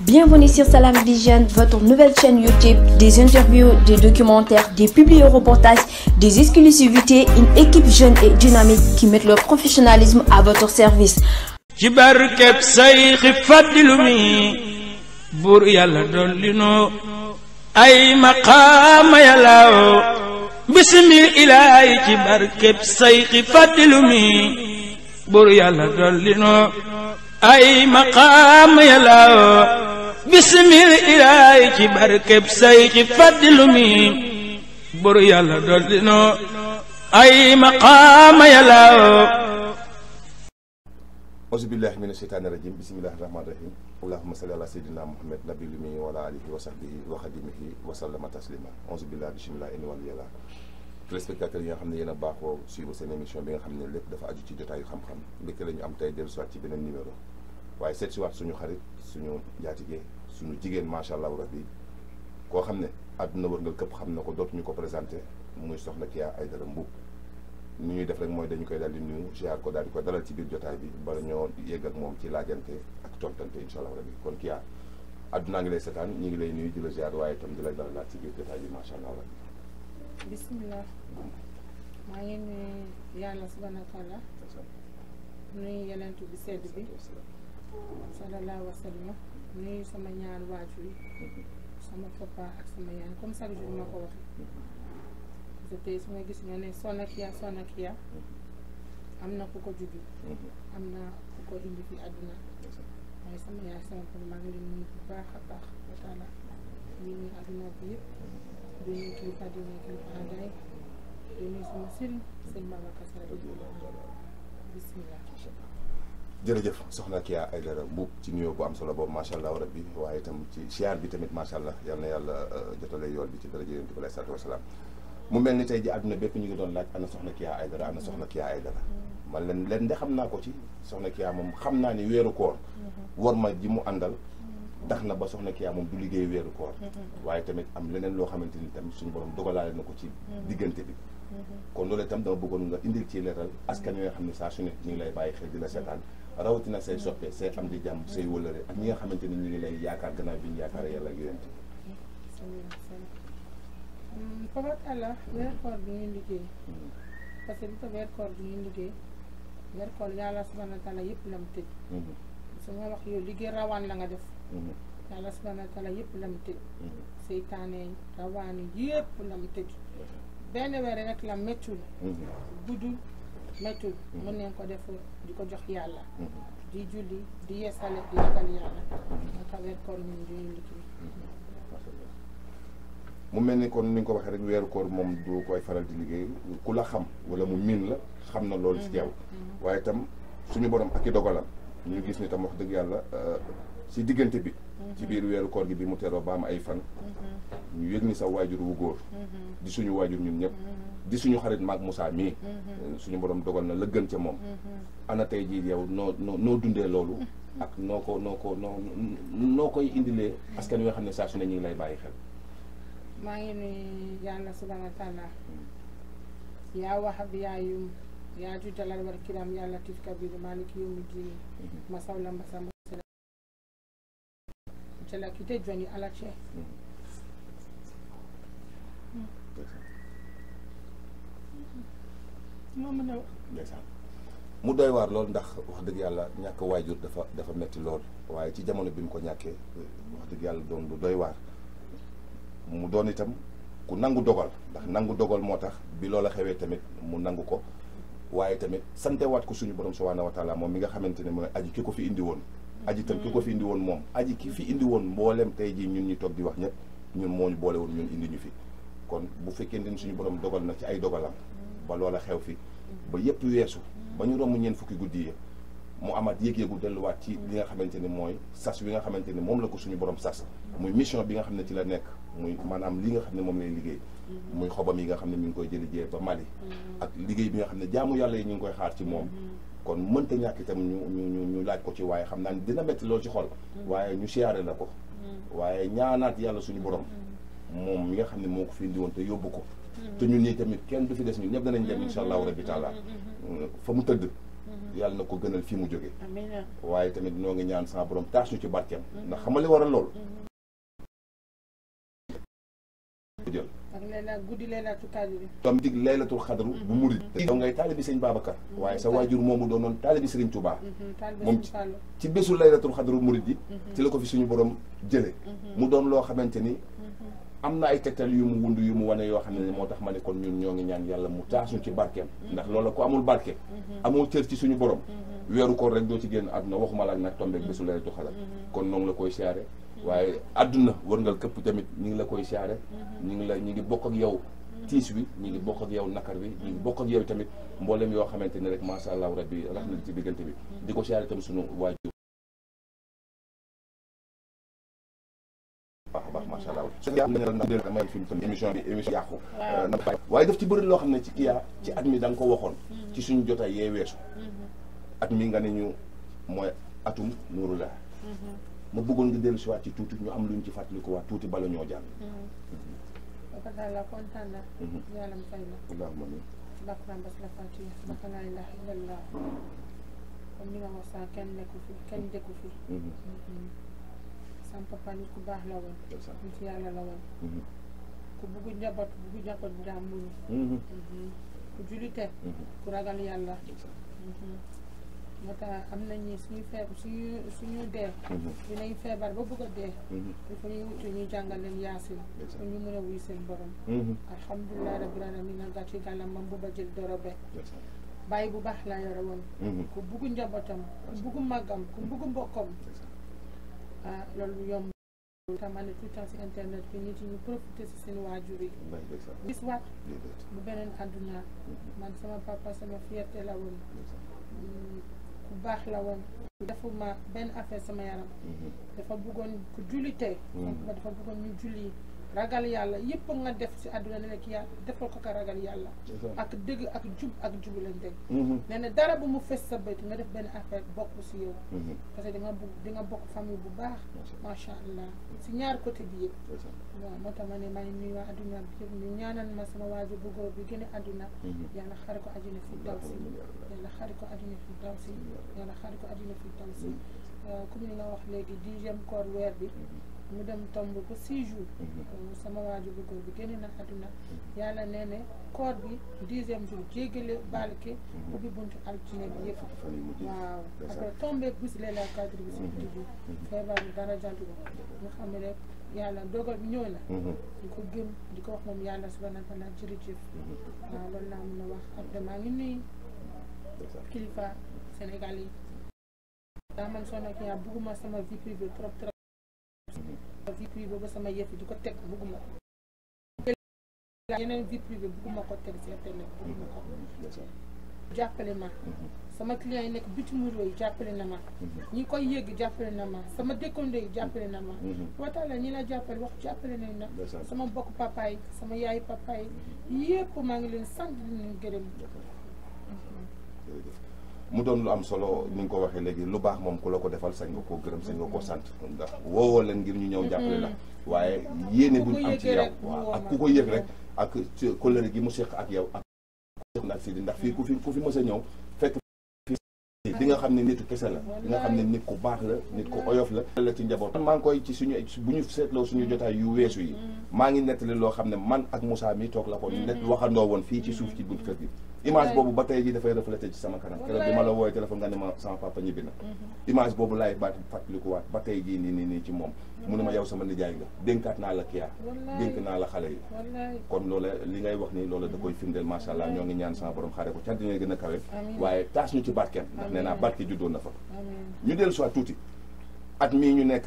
Bienvenue sur Salam Vision, votre nouvelle chaîne YouTube, des interviews, des documentaires, des publi-reportages, des exclusivités, une équipe jeune et dynamique qui met leur professionnalisme à votre service. ci barkeb sayxi yàlla dolli nu ay maqaama yàllaaw bisimil ilaahi ci barkeb ay maqaam yàllaaw bismil ilaay ci barkeb say ci faddilu mi buru yàlla dool dinoo ay maqaam yàllaaw auzubillahi mina sheytaani rajim bismillahi rahmaani rahim allahuma salli ala sayyidina muhammad nabi lumi wala alihi wa sahbihi wa xadimihi wa sallama taslima auzubillahi bismillahi ini wàllu yàlla téléspectateurs yi nga xam ne yéen a baaxoo suivre seen émission bi nga xam ne lépp dafa aju ci jotaayu xam-xam mbégte la ñu am tey dellu siwaat ci beneen numéro waaye seet siwaat suñu xarit suñu jaatige suñu jigéen macha allah bi koo xam ne àdduna wërngal këpp xam na ko dootuñu ko présenté muy soxna Kya Aidara Mboup ni ñuy def rek mooy dañu koy daal di nuyu ziar ko daal di ko dalal ci biir jotaay bi bala ñoo yegg ak moom ci laajante ak tontante incha allah rabbi kon Kya àdduna ngi lay ñu ngi lay nuyu di la waaye itam di la dalalaat ci bisimilah maa ngi nuyu yàlla subhanahu wa taala nuyu yonent bi sedd bi sallallahu wa sallam nuyu sama ñaar waajur sama papa ak sama yaay comme chaque jour ma ko waxee parce su ma gis nga ne Sonakia Sonakia am na ku ko juddu am na ku ko indi fi àdduna waaye sama yaay sama papa maa ngi bu baax a baax wa taala ñu nuyu àdduna bi yëpp di nuyu kilifa di nuyu kilifa aada sëñ Babacar Sall soxna Kya Aidara Mboup ci nuyoo bu am solo boobu macha allah rabbi waaye itam ci siyaar bi tamit macha allah yal na yàlla euh, jotale yool bi ci daraja Yonent bi alayhi salaatu wa salaam mu mel ni tey ji àdduna bépp ñu ngi doon laaj ana soxna Kya Aidara ana soxna ay Aidara man leen leen de xam naa ko ci soxna Kya moom xam naa ni weeru koor mm-hmm. war ma ji mu àndal tax na ba soxna Kya moom du liggéey weeru koor mm-hmm. waaye tamit am leneen loo xamante ni tamit suñu borom dogalaale na ko ci mm-hmm. diggante bi mm-hmm. kon loolu itam dama bëggoon nga indil ci leeral askan wi xam ne saa su ñu ngi lay bàyyi xel di la seetaan rawatina say soppe say am di jàmm say wëlëre ak ñi nga xamante ni ñu ngi lay yaakaar gannaaw bi ñu yaakaar yàlla ak yonent Fapal allah bi ñuy liggéey parce que li ko weer koor bi ñuy liggéey weer koor yàlla yëpp la mu tëj su ma wax yow liggéey rawaan la nga def Mm-hmm. yàlla subhaanahu wa taala yëpp la mu tëj mm-hmm. seytaane rawaani yëpp la mu tëj mm-hmm. benn weer rek la méttul guddul méttul mën nañ ko def ko jox yàlla di julli di mu mel ni kon nuñ ko waxee rek weeru koor moom du koy faral di liggéey ku la xam wala mu miin la xam na loolu ci yow waaye itam suñu borom ak i dogalam ñu gis ni wax dëgg yàlla euh, si diggante bi mm-hmm. ci biir weeru koor gi bi mu teroo ba am ay fan mm-hmm. ñu yëg ni sa waajur wu góor mm-hmm. di suñu waajur ñun ñëpp di suñu xarit maag Moussa mii eh, suñu borom dogal na la gën ca moom ana tey jii yow noo noo dundee loolu ak noo ko noo ko noo noo koy indilee askan yoo xam ne saa su ne ñu ngi lay bàyyi xel maa ngi nuyu yàlla subhaana wa yaa wahab yaa yum yaa juutalal war kiram yàlla tif kabir maaliki yawmi diin masawla masamba till I could join you ala mu doy waar lool ndax wax dëgg yàlla ñàkk waajur dafa dafa metti lool waaye ci jamono bi mu ko ñàkkee wax dëgg yàlla doon lu doy waar mu doon itam ku nangu dogal ndax nangu dogal moo tax bi loola xewee tamit mu nangu ko waaye tamit santewaat ko suñu borom subhaanahu wa taala moom mi nga xamante ne mooy aji ki ko fi indi woon aji tam ki ko fi indi woon moom aji ki fi indi mboolem tey jii ñun ñu toog di wax ñëpp ñun moo ñu boole woon ñun indi ñu fi kon bu fekkee ne suñu borom dogal na ci ay dogalam ba loola xew fi ba yëpp weesu ba ñu romb ñeen fukki guddi yi mu amaat yéeg-yéegu delluwaat ci li nga xamante ni mooy sas wi nga xamante ni moom la ko suñu borom sas muy mission bi nga xam ne ci la nekk muy maanaam li nga xam ne moom lay liggéey muy xobam yi nga xam ne mi ngi koy jëli jee ba Mali ak liggéey bi nga xam ne jaamu yàlla yi ñu ngi koy xaar ci moom kon mënta ñàkk itam ñu ñu ñu laaj ko ci waaye xam naa dina métti lool ci xol. Mm. waaye ñu siyaare la ko. Mm. waaye ñaanaat yàlla suñu borom. Mm. moom mi nga xam ne moo ko fi indi te yóbbu ko. te ñun nii tamit kenn du fi des ñun ñëpp danañ dem incha allahu rabi taala fa mu tëdd. yàlla na ko gënal fi mu jóge waaye tamit noo ngi ñaan saa borom taas ñu ci barkeem. ndax war a lool. guddi laylatul qadri tam dig laylatul xadru bu mhm. murid mhm. yow ngay taalibi sëñ Babacar mhm. waaye sa waajur moomu doonoon taalibi sëriñ Touba moom ci bésu laylatul xadru murid yi ci la ko fi suñu borom jële mu doon loo xamante ni am na ay tegtal yu mu wund yu mu wane yoo xam ne moo tax ma ne kon ñun ñoo ngi ñaan yàlla mu taasuñ ci barkeem ndax loola ko amul barke amul cër ci suñu borom weeru koor rek doo ci génn àdduna waxuma laaj nag tombeeg bésu laylatul xadar kon noonu la koy siyaare waaye àdduna wërngal këpp tamit ñu ngi la koy siyaare ñu ngi la ñi ngi bokk ak yow tiis wi ñi ngi bokk ak yow nakar bi ñu ngi bokk ak yow tamit mboolem yoo xamante ne rek macha allah rabbi rax ci diggante bi di ko siyaare tamit sunu waajur baax a baax macha allah may fi mu toll émission bi émission yàqu waaye def ci bëri loo xam ne ci kiyaa ci at mi da ko waxoon mm-hmm. ci suñu jotaay yee weesu mm-hmm. at mi nga ne ñu mooy atum nuuru la ma bëggoon nga dellu si waat ci tuuti ñu am lu ñu ci fàttaliku waat tuuti bala ñoo jàll. ko mm-hmm. Talla kontaan na. Mm-hmm. yàlla mu fay na. allahumma amiin. bakran bas la fatiha baka laa ilaha illallah comme ni nga wax saa kenn nekku fi kenn dëkku fi. Mm-hmm. sama papa ku baax la woon. nit yàlla la woon. ku bugg njaboot ku njaboot bu ku julite. ku ragal yàlla. moo tax am nañu suñu feeb suñu suñu dee mm-hmm. dinañ feebar ba bëgg a dee mm-hmm. il faut ñu wuti ñu jàngal leen yaasin pour ñu mën wuy seen borom mm-hmm. alhamdulilah rabbil alamin na gàcci gàllam mam bu ba jël dorobe bàyyi bu baax laa yore woon ku bugg njabootam ku bugg màggam ku bugg mbokkam ah loolu yomb tamane tout temps internet bi nit ñu profité si seen waajur yi gis waat bu beneen àdduna man sama papa sama fierté la woon ku baax la woon defuma benn affaire sama yaram mm-hmm. dafa bëggoon ku jullitee mm-hmm. dafa bëggoon ñu julli ragal yàlla yëpp nga def si àdduna ne nekk yàlla defal ko ka ragal yàlla ak dëgg ak jub ak jubu lañ dëgg mm-hmm. nee na dara bu mu fes sa bët nga def benn affaire bokk si yow mm-hmm. parce que di nga bugg di bokk famille bu baax macha allah si ñaar côté bi yëpp waaw moo tax ma ne maa ngi nuyu waa adduna bi yëpp ñaanal ma sama waajur bu góor bi gën a adduna mm-hmm. yàlla xari ko adduna fi daw si yàlla xari ko adduna fi daw si yàlla xari ko adduna fi daw si euh, comme ni nga wax léegi dixième koor weer bi mu dem tomb ba six jours mhm. euh, sama waajur bu góor bi génn na àdduna mhm. yàlla nee ne koor bi dixième jour jéggale balke mhm. ubbi buntu altine bi yëpp waaw après tombé bis lee la cadre bi suñu dugg feebar bi dara jantu nga xam ne rek yàlla dogal bi ñëw na di ko gëm di ko wax moom yàlla subhanahu wa taala jërëjëf waaw loolu laa mën a wax après maa ngi nuyu kilifa Sénégal yi daa man soo nekk yaa bugguma sama vie privée trop trop vie privée ba sama yëf di ko teg bëgguma ko yeneen vie privée ko teg ci internet jàppale ma sama client yi nekk bitim réew yi jàppale na ma ñi koy yëgg jàppale na ma sama dëkkandoo jàppale na ma waxtaan ñi la jàppale wax jàppale nañ na sama bokk papa sama yaayu papa yi yëpp maa ngi leen sant di leen gërëm mu doon lu am solo ni nga ko waxee léegi lu baax moom ku la ko defal sañ nga koo gërëm sañ nga koo sant ndax woowoo leen ngir ñu ñëw mm-hmm. jàppale la waaye yéene buñ am ci yow waaw ak ku ko yëg rek ak kóllëre gi mu séq ak yow ak séq si di ndax fii ku fi ku fi mës a ñëw di nga xam ne nit kese nga xam ne nit ku baax la nit ku oyof la la ci njaboot maa ngi koy ci suñu bu ñu seetloo suñu jotaay yu weesu yi maa ngi nettali loo xam ne man ak musaa mi toog la ko mm-hmm. net waxandoo woon fii ci suuf ci bunt kër gi mm-hmm. image boobu ba tey jii dafay reflété ci sama kanam keroog bi ma la wooyee téléphone nga ne ma sama papa ñibbi na mm-hmm. image boobu laay baat fàttalikuwaat ba tey jii nii nii nii ci moom mu ne ma yow sama nijaay nga dénkaat naa la kiyaa dénk naa la xale yi kon loola li ngay wax ni loola da koy firndeel macha allah ñoo ngi ñaan sama borom xaare ko ca dina gën a kawe waaye taas ñu ci barkeem ndax nee naa barke juddoo na fa ñu dellu soit tuuti at mii ñu nekk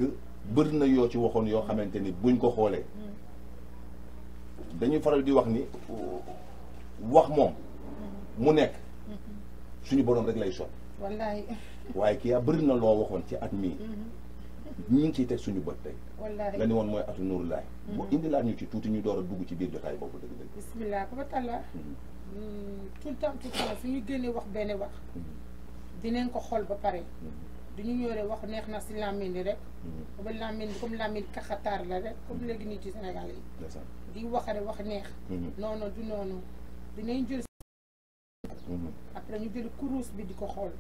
bëri na yoo ci waxoon yoo xamante ni buñ ko xoolee dañuy faral di wax ni wax moom mu nekk suñu borom rek lay sot waaye kiyaa bëri na loo waxoon ci at mii mm-hmm. ñu ngi ciy teg suñu bët tey la ni woon mooy atu nuuru laay bu mm-hmm. indi ñu ci tuuti ñu door a dugg ci biir jotaay boobu dëgg dëgg bismillah ko ba tàlla mm-hmm. mm, tout le temps suñu génnee wax benn wax mm-hmm. dinañ ko xool ba pare duñu ñooree wax neex na si làmmiñ rek ba làmmiñ comme làmmiñ kaxataar la rek comme léegi nii ci Sénégal yi di waxare wax neex noonu du noonu dinañ jël après ñu jël kuruus bi di ko xool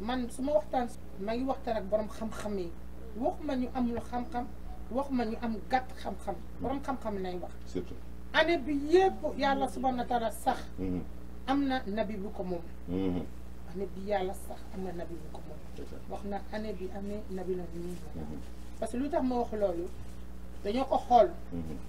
man su ma waxtaan ma ngi waxtaan ak borom xam-xam yi waxuma ñu amul xam-xam waxuma ñu am gàtt xam-xam borom xam-xam lay wax surtout année bi yëpp yàlla subhaanahu sax mm-hmm. am na nabi bu ko moom mm-hmm. année bi yàlla sax am na nabi bu ko moom wax na année bi amee nabi la ñu mm-hmm. parce que lu tax ma wax loolu dañoo ko xool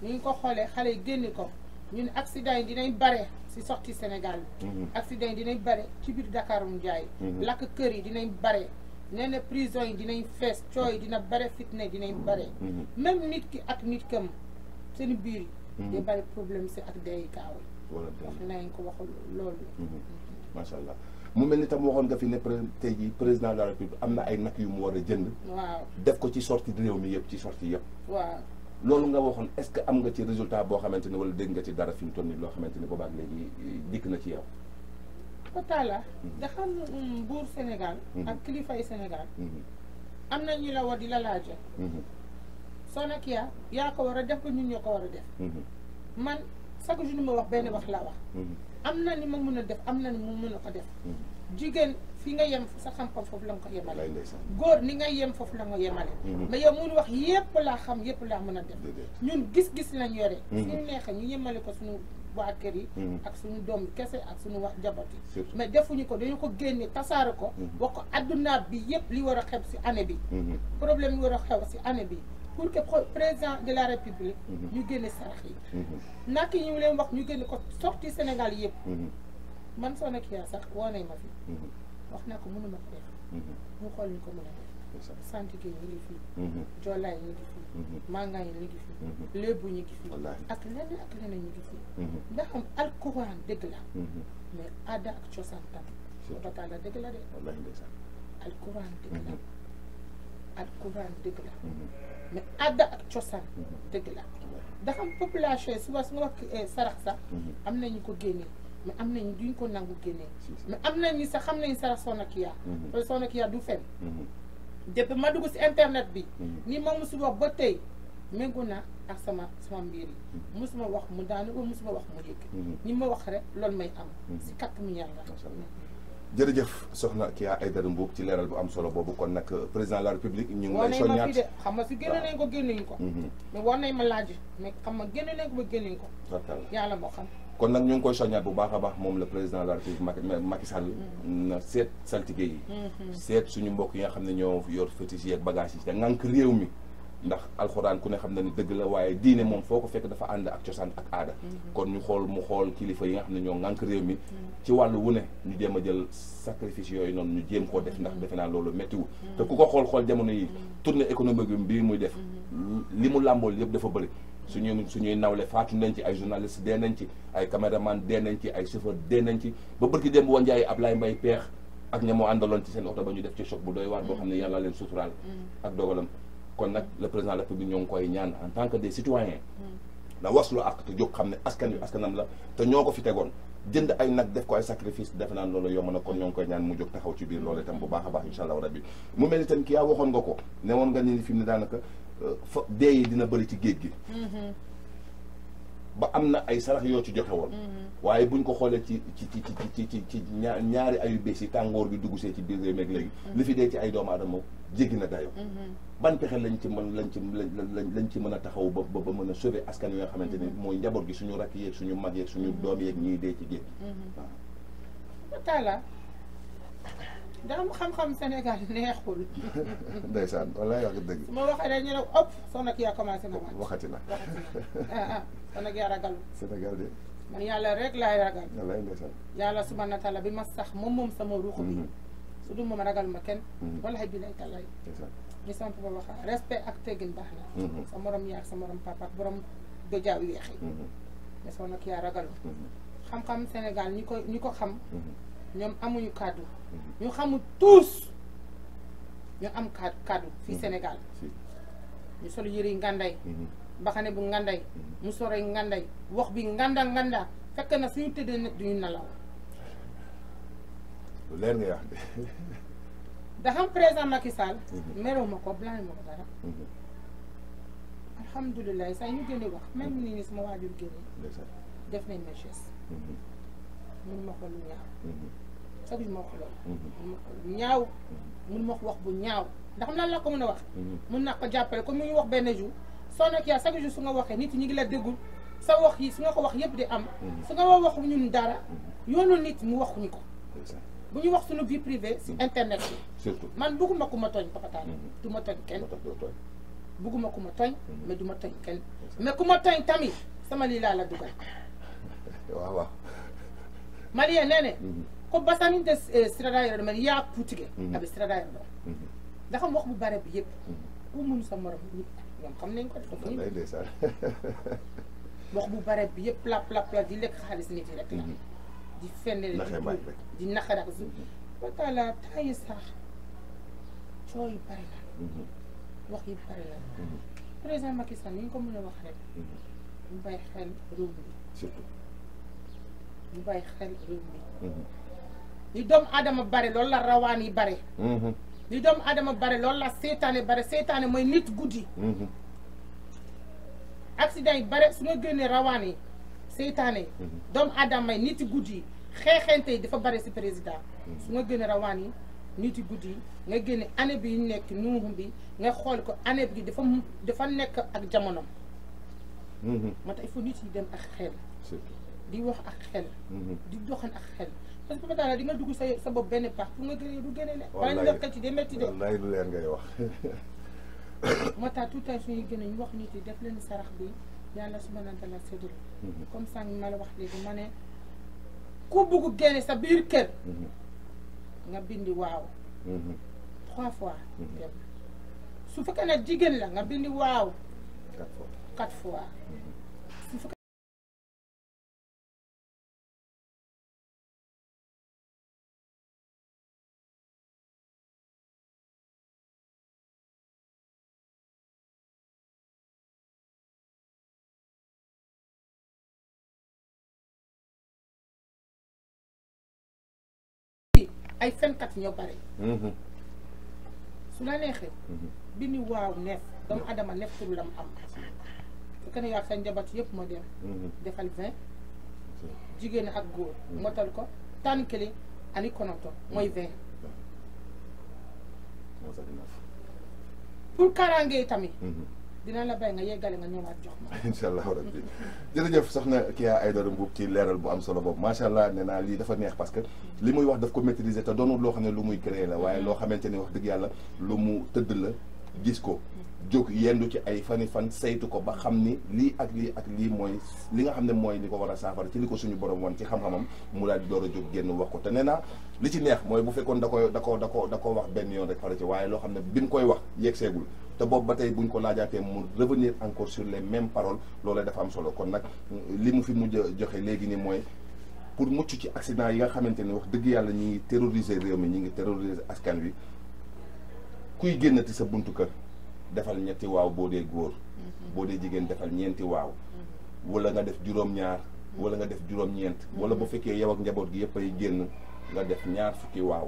ñu ñu ko xoolee xale yi génn ko ne accident yi dinañ bare si sorti Sénégal bi accident yi dinañ bare ci biir Dakar mu jaay lakk kër yi dinañ bare nee na prison yi dinañ fees cooy dina bare fitna dinañ bare. Mhm. même nit ki ak nit kam seen biir yi. Mhm. day bari problème si ak day kaaw yi. wala wax ko waxul loolu. Mhm. macha allah mu mel ni tam waxoon nga fi ne tey jii président de la république am na ay nag yu mu war a jënd. waaw def ko ci sortie réew mi yëpp ci sortie yëpp. waaw loolu nga waxoon est-ce que am nga ci résultat boo xamante ne wala dégg nga ci dara fi mu toll nii loo xamante ni boobaag léegi dikk na ci yow. Talla daxam mm, buur Sénégal mhm. ak kilifay Sénégal mhm. am na ñu la war di la laajoon mhm. Sonakia yaa ko war a def ko ñun ñoo ko war a def man chaque jour ma wax benn wax laa wax am na ni ma mun a def am na ni mu mun a ko def jigéen fi nga yem sa xam-xam foofu la nga ko yemale góor ni nga yem foofu la nga yemale mais yow mun wax yépp laa xam yépp laa mën a def ñun gis-gis lañ yore suñu neexee ñu yemale ko suñu waa kër yi hmm. ak suñu doom kese ak suñu wax jabar yi mais defuñu ko dañu ko génne tasaare ko hmm. wax ko adduna bi yëpp li war a xew si année bi hmm. problème yi war a xew si année bi pour que président de la république ñu génne sarax yi nak yi ñu leen wax ñu génne ko sorti Sénégal yëpp man soo nekk yaa sax woo nañ ma fi wax naa ko mënuma ko def ñu xool ñu ko mën a def Santige ñu ngi fi. Mhm. Joolaay ñu ngi fi. Mhm. Mangaay ñu ngi fi. Mhm. Lébu ñu ngi fi. ak leneen ak leneen ñu ngi fi. ndax am alquran dëgg la. mais aada ak cosaan tam. total la dëgg la de. wallaahi ndeysaan. dëgg la. mais aada ak cosaan dëgg la. ndax am population yi souvent su ma wax eh, sarax sax. am na ñu ko génnee. mais am nañu duñ ko nangu génnee. mais am na ñi sax xam nañu sarax Sonakiya. parce que Sonakiya du fen. depuis ma dugg si internet bi mm. ni ma musul wax ba tey méngu na ak sama sama mbir yi mm. musuma wax mu daanu ko musuma wax mu yëg ñi mm. ma wax rek loolu may am si kàttanu yàlla jërëjëf soxna kii yaa Aïdara Mboup ci leeral bu am solo boobu kon nag euh, président de la république ñu ngi lay soññaat xam nga si génne nañ ko génnuñ ko mm-hmm. mais war nañ ma laaj ma xam nga génne nañ ko ba génnuñ ko yàlla moo xam kon nag ñu ngi koy soññaat bu baax a baax moom la président de la république Macky Sall na seet saltige yi mhm. seet suñu mbokk yi nga xam ne ñoo yor fétiche yi ak bagage yi te ngànk réew mi ndax alxuraan ku ne xam ne ni dëgg la waaye diine moom foo ko fekk dafa ànd ak cosaan ak aada mhm. kon ñu xool mu xool kilifa yi nga xam ne ñoo ngànk réew mi mhm. ci wàllu wu ne ñu jéem a jël sacrifice yooyu noonu ñu jéem koo def ndax defe naa loolu méttiwu te ku ko xool xool jamono yi tournée économique bi bii muy def li mu làmbool yëpp dafa bëri suñu suñuy nawle faatu nañ ci ay journaliste dee nañ ci ay caméraman dee nañ ci ay chauffeur dee nañ ci ba bërki dem woon jaay Ablaye Mbaye peex ak ña àndaloon ci seen oto ba ñu def ci choc bu doy waar boo xam ne yàlla leen suturaal mm. ak dogalam kon nag le président la République ñoo ngi koy ñaan en tant que des citoyens da mm. waslu ak te jóg xam ne askan wi la te ñoo ko fi tegoon jënd ay nag def ko ay sacrifice defe naan loolu yomb na kon ñoo ngi koy ñaan mu jóg taxaw ci biir loolu a ko ne woon nga ni fi mu fa dee yi dina bëri ci géej gi. ba am na ay sarax yoo ci joxe woon. waaye buñ ko xoolee ci ci ci ci ci ci ñaari ayu bés yi tàngoor bi dugg see ci biir réew meeg léegi. li fi dee ci ay doomu aadama jéggi na dayo ban pexe lañ ci mën lañ ci lañ lañ ci mën a taxaw ba ba mën a sauver askan wi nga xamante ni mooy njaboot gi suñu rakk yeeg suñu mag yeeg suñu doom yeeg ñuy dee ci géej gi. Mm-hmm. waaw. daa mu xam-xam Sénégal neexul. ndeysaan walaay wax dëgg. su ma waxee rek ñu ne ëpp soo nag yaa commencé ah, ah, Sénégal de. man yàlla rek laay ragal. walaay ndeysaan. yàlla subhana bi ma sax moom moom sama ruux bi. Mm-hmm. su dul moom ragal ma kenn. walaay bi lay talaay. ñu sant ba wax respect ak teggin baax na. Mm-hmm. sa morom yaa sa morom papa ak borom dojaaw yeex yi. mais mm-hmm. soo nag yaa ragal. xam-xam Sénégal ñi ko ñi ko xam. ñoom amuñu kàddu ñu xamul tous ñu am kàddu kàddu fii mhm. Sénégal ñu sol yëre yi ngànday mhm. baxane bu ngànday mhm. mu soroy ngànday wax bi nganda nganda fekk na suñu tëddee nag duñu nalaw leer nga wax de daxam président Macky Sall meroo ko blâme ma dara alhamdulilah saa ñu génne wax même ni ni sama waajur génne def nañ ma mun ma ko lu ñaaw chaque ma mhm. wax loolu ñaaw mun ma ko wax bu ñaaw ndax xam lan la ko mën a wax mun mhm. naa ko jàppale comme mu ñu wax benn jour soo nekk yaa su ma waxee nit ñi ngi la déggul sa wax yi su ma ko wax yëpp di am mhm. su nga wax ñun dara yoonul nit mu waxuñu ko bu ñu wax suñu vie privée si internet bi man bugguma ku ma tooñ papataan du ma tooñ kenn bugguma ku ma tooñ mais du ma tooñ kenn mais ku ma tooñ tamit sama lii laa la dugal waaw waaw ko basaminte eh, sirada yero ɗo men yakkutige mhm. aɓe sirada yero ɗo daham wax bu bare yëpp ku sa morom nit ñoom xam wax bu bare bi yëpp la la la di lekk xaalis nit yi rek la mhm. di fenn di naqa dak su watala mhm. temps yi sax coow yu bare la wax yu bare la président Macky ni ñu ko mën a wax rek ñu bàyyi xel réew mi li doomu aadama bare loolu la rawaan yi bare li mhm. doomu aadama bare loolu la seytaane bare seytaane mooy nit guddi mhm. accident yi bare su nga génnee rawaan yi seytaane mhm. doomu adama yi nit guddi yi xeexente yi dafa bare si président su nga génnee rawaan yi nit guddi yi nga génne année bi nekk nuuxum bi nga xool ko année bi dafa dafa nekk ak jamono moo tax il nit yi dem ak xel di wax ak xel. Mhm. di doxan ak xel parce que bu daanaka di nga dugg sa sa bopp benn pax pour nga gënee du gënee la. wallaay wala ñu def ci de métti de. wallaay ngay wax. moo tax tout à suñuy gën a ñu wax nit yi def leen sarax bi yàlla subhanahu wa taala séddale. Mhm. comme sànq ma la wax léegi ma ne ku bugg génne sa biir kër. Mhm. nga bindi waaw. trois fois. su fekkee ne jigéen la nga bindi waaw. quatre fois quatre fois. ay fenkat ñoo bare mhm. su la neexee mhm. bi ni waaw neef doomu adama neef pour lam am su ko yaa sa njaboot yëpp ma dem mhm. defal vingt jigéen ak góor motal ko tànn kële ani konoto mooy vingt pour kaaraange tamit dina la bay nga yeggale nga ñëwaat jox ma. incha allahu rabbi jërëjëf soxna Kya Aidara Mboup ci leeral bu am solo boobu macha allah nee naa lii dafa neex parce que li muy wax daf ko maîtriser te doonul loo xam ne lu muy créer la waaye loo xamante ni wax dëgg yàlla lu mu tëdd la gis ko. jóg yendu ci ay fani fan saytu ko ba xam ni lii ak lii ak lii mooy li nga xam ne mooy li ko war a saafara ci li ko suñu borom woon ci xam-xamam mu daal di door a jóg génn wax ko te nee naa li ci neex mooy bu fekkoon da ko da ko da ko da ko wax benn yoon rek fara ci waaye loo xam ne bi mu koy wax yegg seegul te boobu ba tey buñ ko laajaatee mu revenir encore sur les mêmes paroles loolee dafa am solo kon nag li mu fi mujj joxe léegi ni mooy pour mucc ci accident yi nga xamante ne wax dëgg yàlla ñu ngi terroriser réew mi ñu ngi terroriser askan wi kuy génnati sa buntu kër defal ñetti waaw boo dee góor mhm. boo dee jigéen defal ñeenti waaw mhm. wala nga def juróom-ñaar mhm. wala nga def juróom-ñeent wala bu fekkee yow ak njaboot gi yëpp ay génn nga def ñaar fukki waaw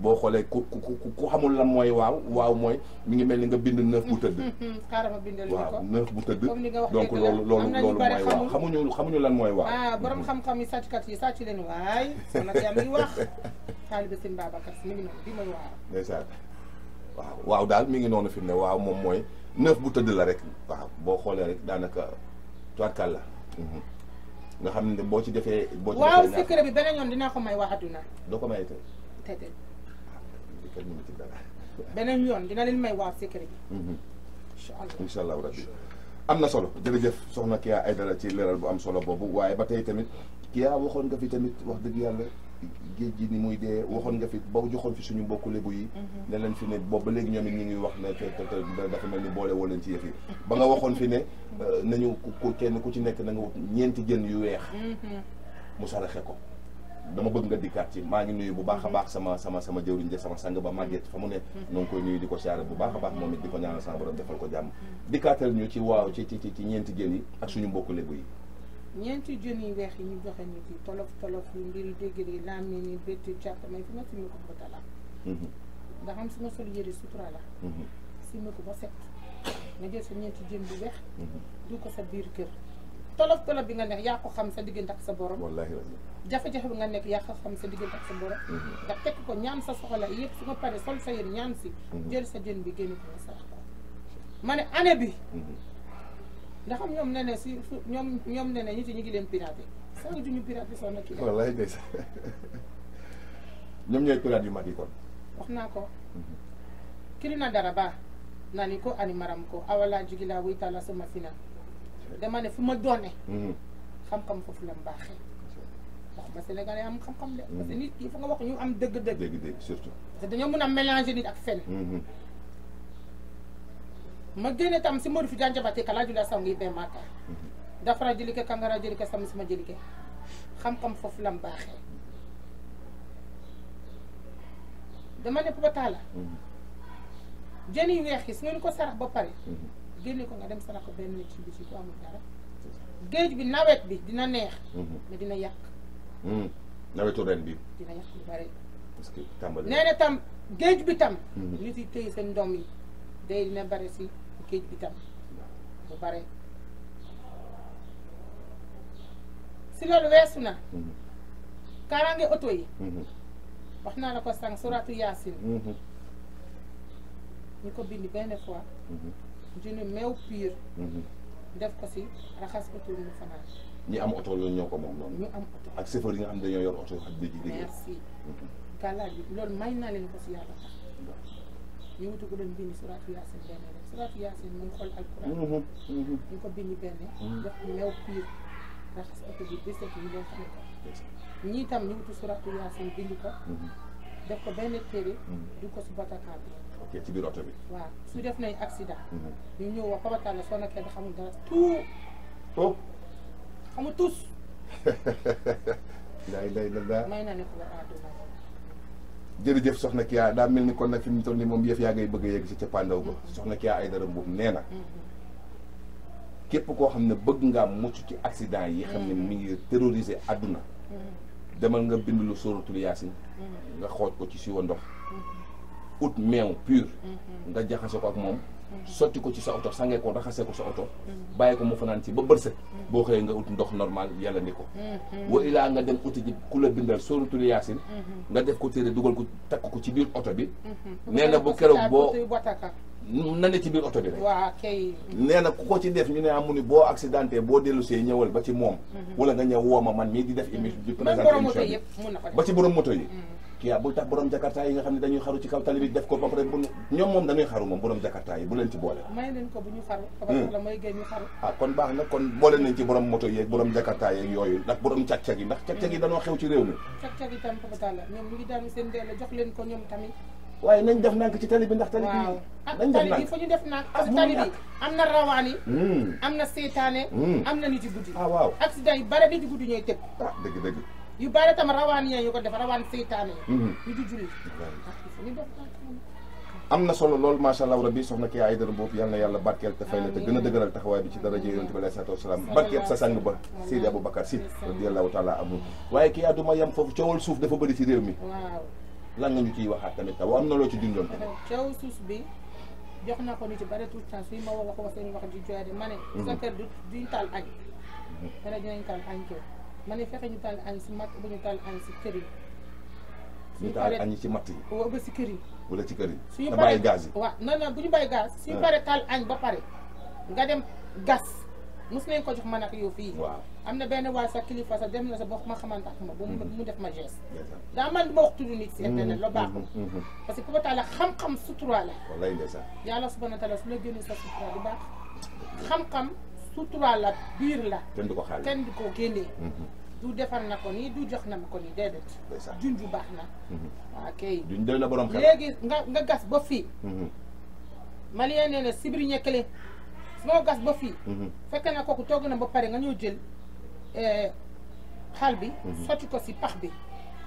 boo xoolee ku ku ku xamul lan mooy waaw waaw mooy mi ngi mel ni nga bind neuf bu tëdd. xaaral hmm, ma bindal ko waaw neuf bu tëdd. donc loolu loolu loolu mooy waaw xamuñu xamuñu lan mooy waaw. ah borom xam-xam yi sàcckat yi sàcc leen waay. soxna si am li wax. taalibe sëñ Babacar mi ngi noonu bi mooy waaw. waaw daal mi ngi noonu fi ne waaw moom mooy neuf bu tëdd la rek. waaw boo xoolee rek daanaka tuwaatkaal la. Mhm. nga xam ne boo ci defee. boo ci defee waaw secret bi beneen yoon dinaa ko may waxatuna. doo ko may te. kenn mënu ci dara. beneen yoon dina leen may waa secret bi. Mhm. incha allah incha am na solo jërëjëf soxna Kya Aidara ci leeral bu am solo boobu waaye ba tey tamit Kya waxoon nga fi tamit wax dëgg yàlla géej gi ni muy dee waxoon nga fi boo joxoon fi suñu mbokku lébu yi. Mhm. ne leen fi ne boobu ba léegi ñoom it ñu ngi wax na te te dafa mel ni boole woo leen ci yëf yi. ba nga waxoon fi ne euh, nañu ku kenn ku ci nekk na nga ñeenti jën yu weex. Mhm. mu saraxe ko. dama bëgg nga dikkaat ci maa ngi nuyu bu baax a baax sama sama sama jëwriñ ja sama sang ba màgget fa mu ne mm. no koy nuyu di ko siyaare bu baax a baax moom it di ko ñaanal sama borom defal ko jàmm dikkaatal ñu ci waaw ci ci ci ñeenti jën yi ak suñu mbokk lébu yi ñeenti jën yi weex yi ñu joxe ñu fi tolof tolof yu mbiri dégg yi laam ne may fi ma simmi ko ba talaa mm-hmm. nga xam ma sol yëre sutura la mm-hmm. simmi ko ba set nga jël sa ñeenti jën bu mm-hmm. ko sa biir kër tolof tolof bi nga nekk yaa ko xam sa diggante ak sa borom. wallaahi jafe-jafe bi nga nekk yaa ko xam sa diggante ak sa borom. Mhm. nga teg ko ñaan sa soxla yëpp su nga paree sol sa yéen ñaan si. Mhm. jël sa jën bi génn ko sa ma ne année bi. Mhm. ndax am ñoom ne ne si ñoom ñoom ne ne nit ñi ngi leen piraté saa yu ñu piraté sonn kii. wallaahi ndeysaan ñoom ñooy pirate yu mag yi kon. wax naa ko. kiri na dara ba nani ko ani maram ko awala jigila witala sumasina dama ne fu ma doone mhm. xam-xam foofu la mu baaxee wax ma sénégalais am xam-xam de mhm. parce que nit il faut nga wax ñu am dëgg-dëgg dëgg-dëgg surtout parce que dañoo mën a mélanger nit ak fen mhm. ma génne tam si Modou fi janjabate kala jula saw ngi be maka dafara jëli ke kangara jëli ke sam sima jëli xam-xam foofu la mu baaxee dama ne Papa Talla yu weex yi su ngeen ko sarax ba pare génne ko nga dem sarax ko benn ci bi ci ku amul dara géej bi nawet bi dina neex mhm. mais dina yàq mhm. nawetu ren bi dina yàq lu bari parce tam géej bi tam ñu mhm. si téye seen doom yi day dina bari si géej bi tam bu bari si loolu weesu na kaaraange oto yi wax naa la ko sànq suratu yaasin ñu ko bind benn fois dina meew piir mhm. def ko si raxas ko tur mu fanaan ñi am oto loolu ñoo ko moom noonu ñu am oto ak chauffeur yi nga xam dañoo yor oto merci mhm. gàllaaj bi loolu may naa leen ko si yàlla tax ñu wutu ko doon bind suratu yaasin benn rek suratu mhm, tam ñu wutu suratu yaasin bind ko def ko benn téere. Mm-hmm. du ko si batakaar bi. ok bi. waaw su def nañ accident. Mm-hmm. ñu ñëw wax Fapal la soo nekkee da xamul dara tout. tout. Oh. xamul tous. lay lay la daa may na ne ko la daa jërëjëf soxna Kya daa mel ni kon nag fi mu toll nii moom yëf yaa ngay bëgg a yegg si ca ba mm-hmm. soxna Kya ay dara boobu nee na. képp koo xam ne bëgg ngaa mucc ci accident yi xam ne mi ngi terroriser àdduna. demal nga bind lu sóoratul yaasin nga xooj ko ci siwa ndox ut meew pur nga jaxase ko ak moom sotti ko ci sa oto sangee ko raxasee ko sa oto bàyyi ko mu fanaan ci ba bërsët boo xëyee nga ut ndox normal yàlla ni ko wa ilaa nga dem uti ji ku la bindal sóoratul yaasin nga def ko téere dugal ko takk ko ci biir oto bi nee bu keroog boo na ne ci biir oto bi rek. waaw kay. nee na ko ci def ñu ne amu ni boo accidenté boo see ñëwal ba ci moom. Mhm. wala nga ñëw woo ma man mii di def émission di présenté ba ci borom moto yi. Mhm. kii yaa bul tax borom jakarta yi nga xam ne dañuy xaru ci kaw tali def ko ba pare bu ñoom moom dañuy xaru moom borom jakarta yi bu leen ci boole. may leen ko bu ñu xaru. Hmm. Ah, kon baax na kon boole nañ ci borom moto yeeg borom jakarta yeeg yooyu ndax borom càq-càq yi ndax càq-càq yi hmm. dañoo xew ci réew mi. càq-càq yi tam Papa ko ñoom tamit waaye nañ def nank ci tali bi ndax tali bi. nañ def nànk fa ñu def nànk parce que am na rawaani. Hmm. am na seetaane. Hmm. am na nit yu guddi. ah waaw accident yu bare nit yu guddi ñooy tëb. ah dëgg dëgg. yu bare tam rawaan yi ñu ko def rawaan seetaane. nit yu hmm. julli. am na solo loolu macha allah rabbi soxna kii Aïdara boobu yal na yàlla barkeel te fay la te gën a dëgëral taxawaay bi ci daraja yonent bi alayhi salaatu wa salaam barkeel sa sang waaye kii adduma yam foofu coowal suuf dafa bëri ci lan nga ñu ciy waxaat tamit taw am na loo ci dundoon tamit. coow suuf bi jox naa ko nit yi bari tout le temps suy ma wax ko seen wax di jooy de ma ne. Mhm. sa kër du duñ taal añ. ma mhm. ne dinañ añ kër ma ne fexe ñu taal añ si mat bu ñu taal añ si kër yi. ñu taal añ si matt yi. wala si kër yi. wala ci kër yi. suñu paree bàyyi gaz yi. waaw non non bu ñu bàyyi gaz. suñu ah. paree taal añ ba pare nga dem gas. mus nañ ko jox man ak yow fii. am na benn waa sa kilifa sa dem na sa bokk ma xamante ak ma. ba mu mhm. def ma geste. daa man ma wax tudd nit. seen mhm. leneen la baaxul. Mhm. parce que Papa Talla xam-xam sutura la. wallaay ndeysaan. yàlla subhanahu wa taala su la génnee sa sutura du baax. xam-xam sutura la biir la. kenn du ko xaale kenn du ko génnee. du defal na ko nii du jox na ma ko nii déedéet. junj baax na. waaw kay junj doy na borom xel léegi nga nga gas ba fii. Malien nee na sibiri ñekkale. moo gas ba fii. Mhm. fekk na ko kooku togg na ba pare nga ñëw jël eh, xal bi. Mhm. sotti ko si pax bi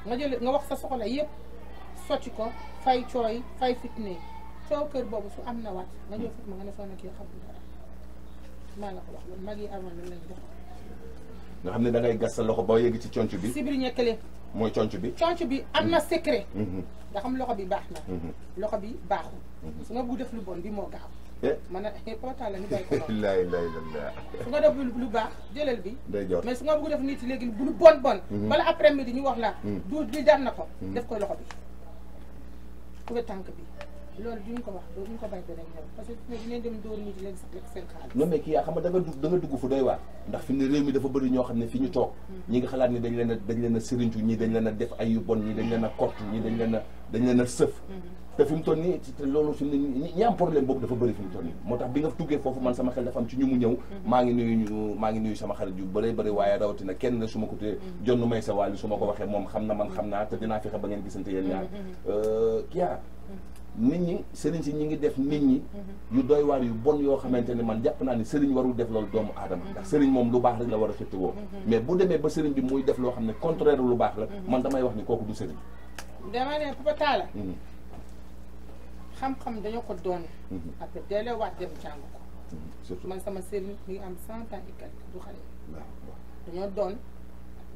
nga jël nga wax sa soxla yëpp sotti ko fay cooy fay fitne coow kër boobu su am na waat nga ñëw fit ma nga ne soxna kii xamul yi amoon nga xam ne da gas sa loxo ba yegg ci conc bi. si sibiri ñekkale. mooy conc bi. conc bi am na secret. Mhm. nga xam loxo bi baax na. loxo bi baaxu su nga bëgg def lu bon bi moo gaaw. Eh? man na eh, portal la ñu bàyyi su nga def lu baax jëlal bi. day jox mais su nga bëgg def nit léegi bu lu bon bon. Mm-hmm. bala après midi ñu wax la. du di daan na ko. Mm-hmm. def koy loxo bi. ku tànk bi. loolu duñ ko wax duñ ko bàyyi beneen yoon parce que dinañ dem dóor nit leen sax seen xaalis. non mais kii yaa xam nga da nga dugg da nga dugg fu doy waa ndax fi mu ne réew mi dafa bëri ñoo xam ne fi ñu toog mm-hmm. ñi nga xalaat ni dañ leen dañ leen a sëriñtu ñi dañ leen a def ay yu bo ñi dañ leen a kort ñi dañ leen a dañ leen a te fi mu toll nii te loolu fi mu ne nii ñi am problème boobu dafa bëri fi mu nii moo tax bi nga tuggee foofu man sama xel dafa am ci ñu mu ñëw mm-hmm. maa ngi nuyu ñu maa ngi nuyu sama xarit yu bëree bëri waaye rawatina kenn su ma ko tee mm-hmm. jonn may sa waali su ma ko waxee moom xam na man xam naa te dinaa fexe ba ngeen gisante yéen ñaar mm-hmm. euh, nit ñi sëriñ si ñi ngi def nit ñi yu doy waar yu bon yoo xamante ne man jàpp naa ne sëriñ warul def loolu doomu aadama ndax sëriñ moom lu baax rek la war a xëttewoo mais bu demee ba bi muy def loo xam ne contraire lu baax la man damay wax ni kooku du xam-xam dañoo ko doon. Mhm. après delluwaat dem jàng ko. Mhm. surtout man sama sëriñ mi ngi am cent ans et quelque du xale. dañoo doon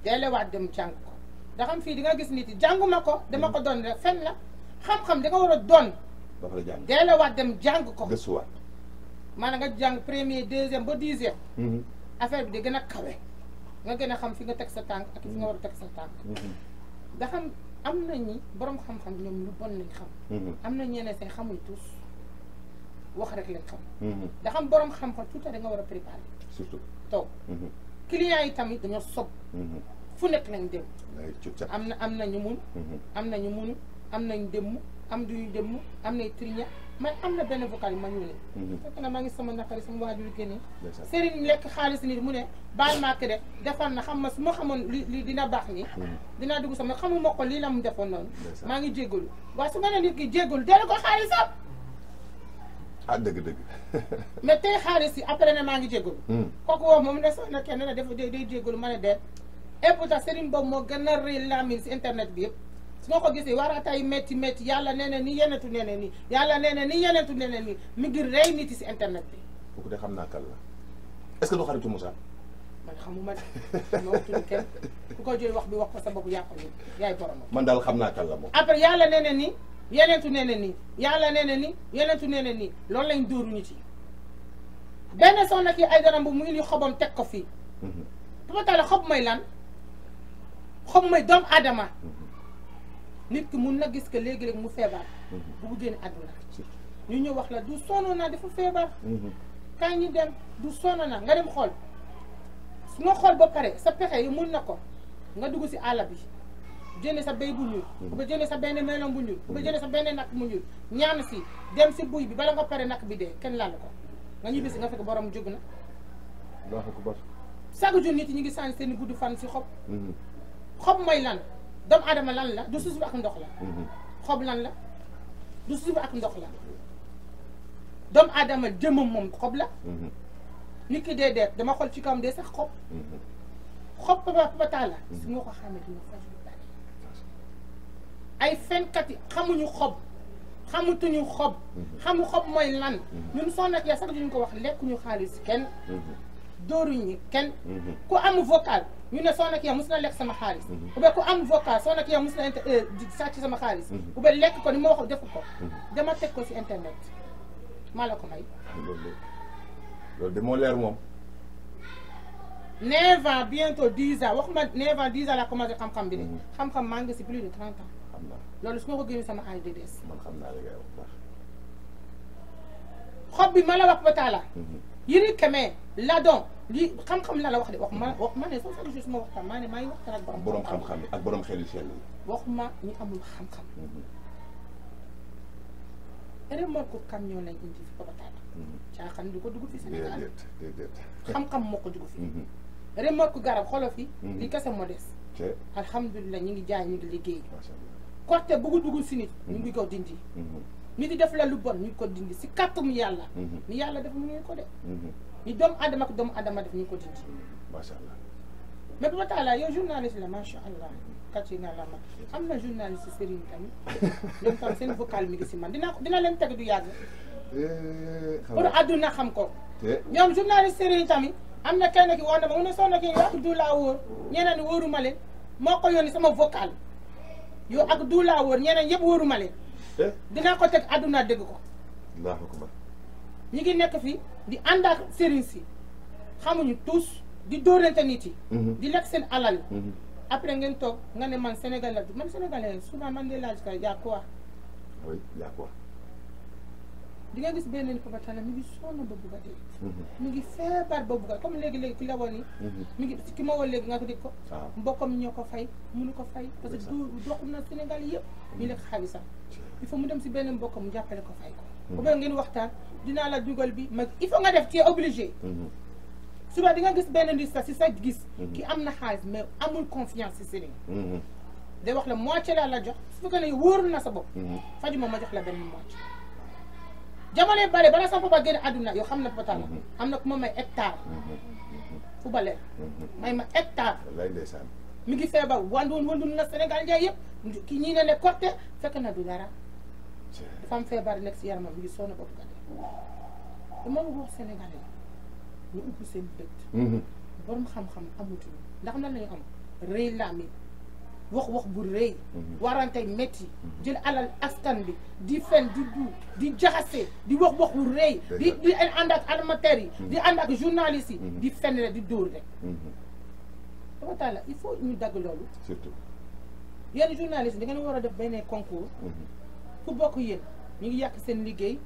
delluwaat dem jàng ko. da xam fii di nga gis nit yi jànguma ko dama mhm. ko doon rek fen la xam-xam da nga war a doon. dafa la jàng delluwaat dem jàng ko. gëstuwaat. maanaam nga jàng premier deuxième ba dixième. affaire bi di gën a kawe. nga gën a xam fi nga teg sa tànk ak fi nga war a teg sa tànk. da am na ñi borom xam-xam ñoom lu bon lañ xam. Mhm. am na ñeneen seen xamuñ tous wax rek lañ xam. Mhm. da xam borom xam-xam tout à da war a préparer. surtout toog. Mhm. clients yi tamit dañoo sob fu nekk lañ dem. am na am na ñu mun. am na ñu mun am nañ dem. am duñu dëmm am nay trine mais am na benn vocal yi ma ñu ne. Mhm. fekk na maa ngi sama naqari sama waajur génne. sëriñ lekk xaalis nit mu ne baal maa ko def defal na xam ma su ma xamoon li li dina baax nii. Mhm. dinaa dugg sama xamuma ko lii la mu defoon noonu. maa ngi jéggalu waaye su ma nee nit ki jéggalu delloo ko xaalisam. ah dëgg-dëgg. mais tey xaalis yi après ne maa ngi jéggalu. Mhm. kooku woo moom ne sax na kenn ne dafa day jéggalu ma ne de et pourtant sëriñ boobu moo gën a rëy laamin si internet bi yëpp. su ma ko gisee waaraatay métti métti yàlla nee na ni yenentu nee na nii yàlla nee ni yenentu nee na nii mi ngi rey nit yi si internet bi. kooku de xam naa kan la est-ce que xamuma ne ma waxtuñu kenn ku ko wax bi wax ko sa bopp yàqu ni yaay borom man xam naa kan la moom. après yàlla nee na ni yenentu nee na nii yàlla nee na ni yenentu nee na nii loolu lañ dóoru nit yi benn soxna kii ay daram bu mu indi xobam teg ko fii. bu mhm. ma taalee xob mooy lan xob mooy doomu aadama. Mhm. nit ki mun na gis que léegi-léegi mu feebar. Mhm. bu génn àdduna. ñu ñëw wax la du sonn naa dafa feebar. Mhm. kaay ñu dem du sonn na nga dem xool su nga xool ba pare sa pexe yi mun na ko nga dugg si àll bi jënd sa béy bu ñuul. ba mhm. jënd sa benn melon bu ñuul. ba jënd sa benn nak mu ñuul ñaan si dem si buy bi bala nga pare nak bi dee kenn laal ko nga ñibbi si nga fekk borom jóg na. baax ko baax. chaque jour nit ñi ngi sànni seen gudd fan si xob. xob mooy lan. doomu aadama lan la du suuf ak ndox la mhm. xob lan la du suuf ak ndox la doomu aadama jëmm moom xob la mhm. nit ki dee dee dama xol ci kawam dee sax xob mhm. xob papa papa taala su ma ko xamee dina faj ay fenkat yi xamuñu xob xamutuñu xob xamu xob mooy lan ñun soo nag yaa sax duñu ko wax lekkuñu xaalis kenn dóoruñu kenn ku am vocal ñu ne soo nekk yow mos na lekk sama xaalis mhm. ou bien ku am vocal soo nekk yow mos na euh, sàcc sama xaalis mhm. ou bien lekk ko ni moo ko defu ko mhm. dama teg ko si internet maa la ko may loolu de moo leer moom neuf ans bientôt dix ans waxuma neuf ans dix ans laa commencé xam bi de xam-xam maa ngi si plus de trente ans xam naa ma ko génnee sama âge de des man xam naa bi ma la wax ba taala yiri kemee la lii xam-xam la la wax de wax ma wax ma ne soo sax gis ma waxtaan maa ne maa ngi waxtaan ak borom xam-xam yi ak borom xel yu sell yi waxuma ñu amul xam-xam mhm. remorque camion lañ indi fi Kobataat mhm. caaxaan di ko dugg fi Sénégal xam-xam moo ko dugg mhm. garab xolo fi li kese moo des alhamdulilah ñu ngi jaay ñu ngi liggéey corté bëgg dugg si nit ñu ngi ko dindi ñu di def la lu bon ñu ko dindi si kàttum yàlla ni yàlla def mu ngi ko de ni doomu adama ak doomu adama daf ñu ko dindi. macha allah. mais bu a taalaa yow journaliste la macha allah kàcce naa la ma am na journaliste Serigne tamit ñoom tam seen vocal mi ngi dina man dina leen teg du yàgg. Eh, pour àdduna xam ko. ñoom journaliste Serigne tamit am na kenn ki wax na ma mu ne soxna kii yow ak duulaa wóor ñeneen wóoruma leen moo ko yónni sama vocal yow ak duulaa wóor ñeneen yëpp wóoruma leen. Eh? dinaa ko teg àdduna dégg ko. ñi ngi nekk fi di ànd ak sëriñ si xamuñu tous di dóorante nit yi. Mhm. di lekk seen alal. Mhm. après ngeen toog nga ne man Sénégal la man sénégalais souvent man de laaj ka yaa quoi. di nga gis benn nit Papa Talla mi ngi sonn ba bugg dee. Mhm. mi ngi feebar ba bugg comme léegi léegi ki la woon ni. mi ngi ki ma woon léegi nga ko di ko. waaw ah. mbokkam ñoo ko fay mënu ko fay. parce que du dox na Sénégal yëpp. ñu lekk xaalisam. il faut mu dem si benn mbokkam mu jàppale ko fay ko. waxtaan. dinaa la dugal bi mag il faut nga def c'est obligé mhm. suba di nga gis benn nit sax si sa gis mhm. ki am na xaalis mais amul confiance si sëriñ mhm. day wax la moitié laa la jox su fekkee ne wóorul na sa bopp fajuma ma jox la benn moitié jamono bale bala sama papa génn àdduna yoo xam na papa la am na ku ma may hectare fu bale may ma hectare lay ndeysaan mi ngi feebar wandul wandul na Sénégal njaay yëpp ki ñii ne ne corté fekk na du dara dafa am feebar nekk si yaramam mi ngi sonn bopp dama wax Sénégalais ñu ubbi seen bët. Mhm. borom xam-xam amatul ndax nan lañu am rëy laa wax wax bu rëy. Mhm. warante métti. Mhm. jël alal askan bi di fen di du di jaxase di wax wax bu rëy. di di ànd ak animateurs yi. di ànd ak journalistes yi. di fen rek di dóor rek. dama taal il faut ñu dagg loolu. surtout yéen journalistes da ngeen war a def beneen concours. ku bokk yéen ñu ngi yàq seen liggéey.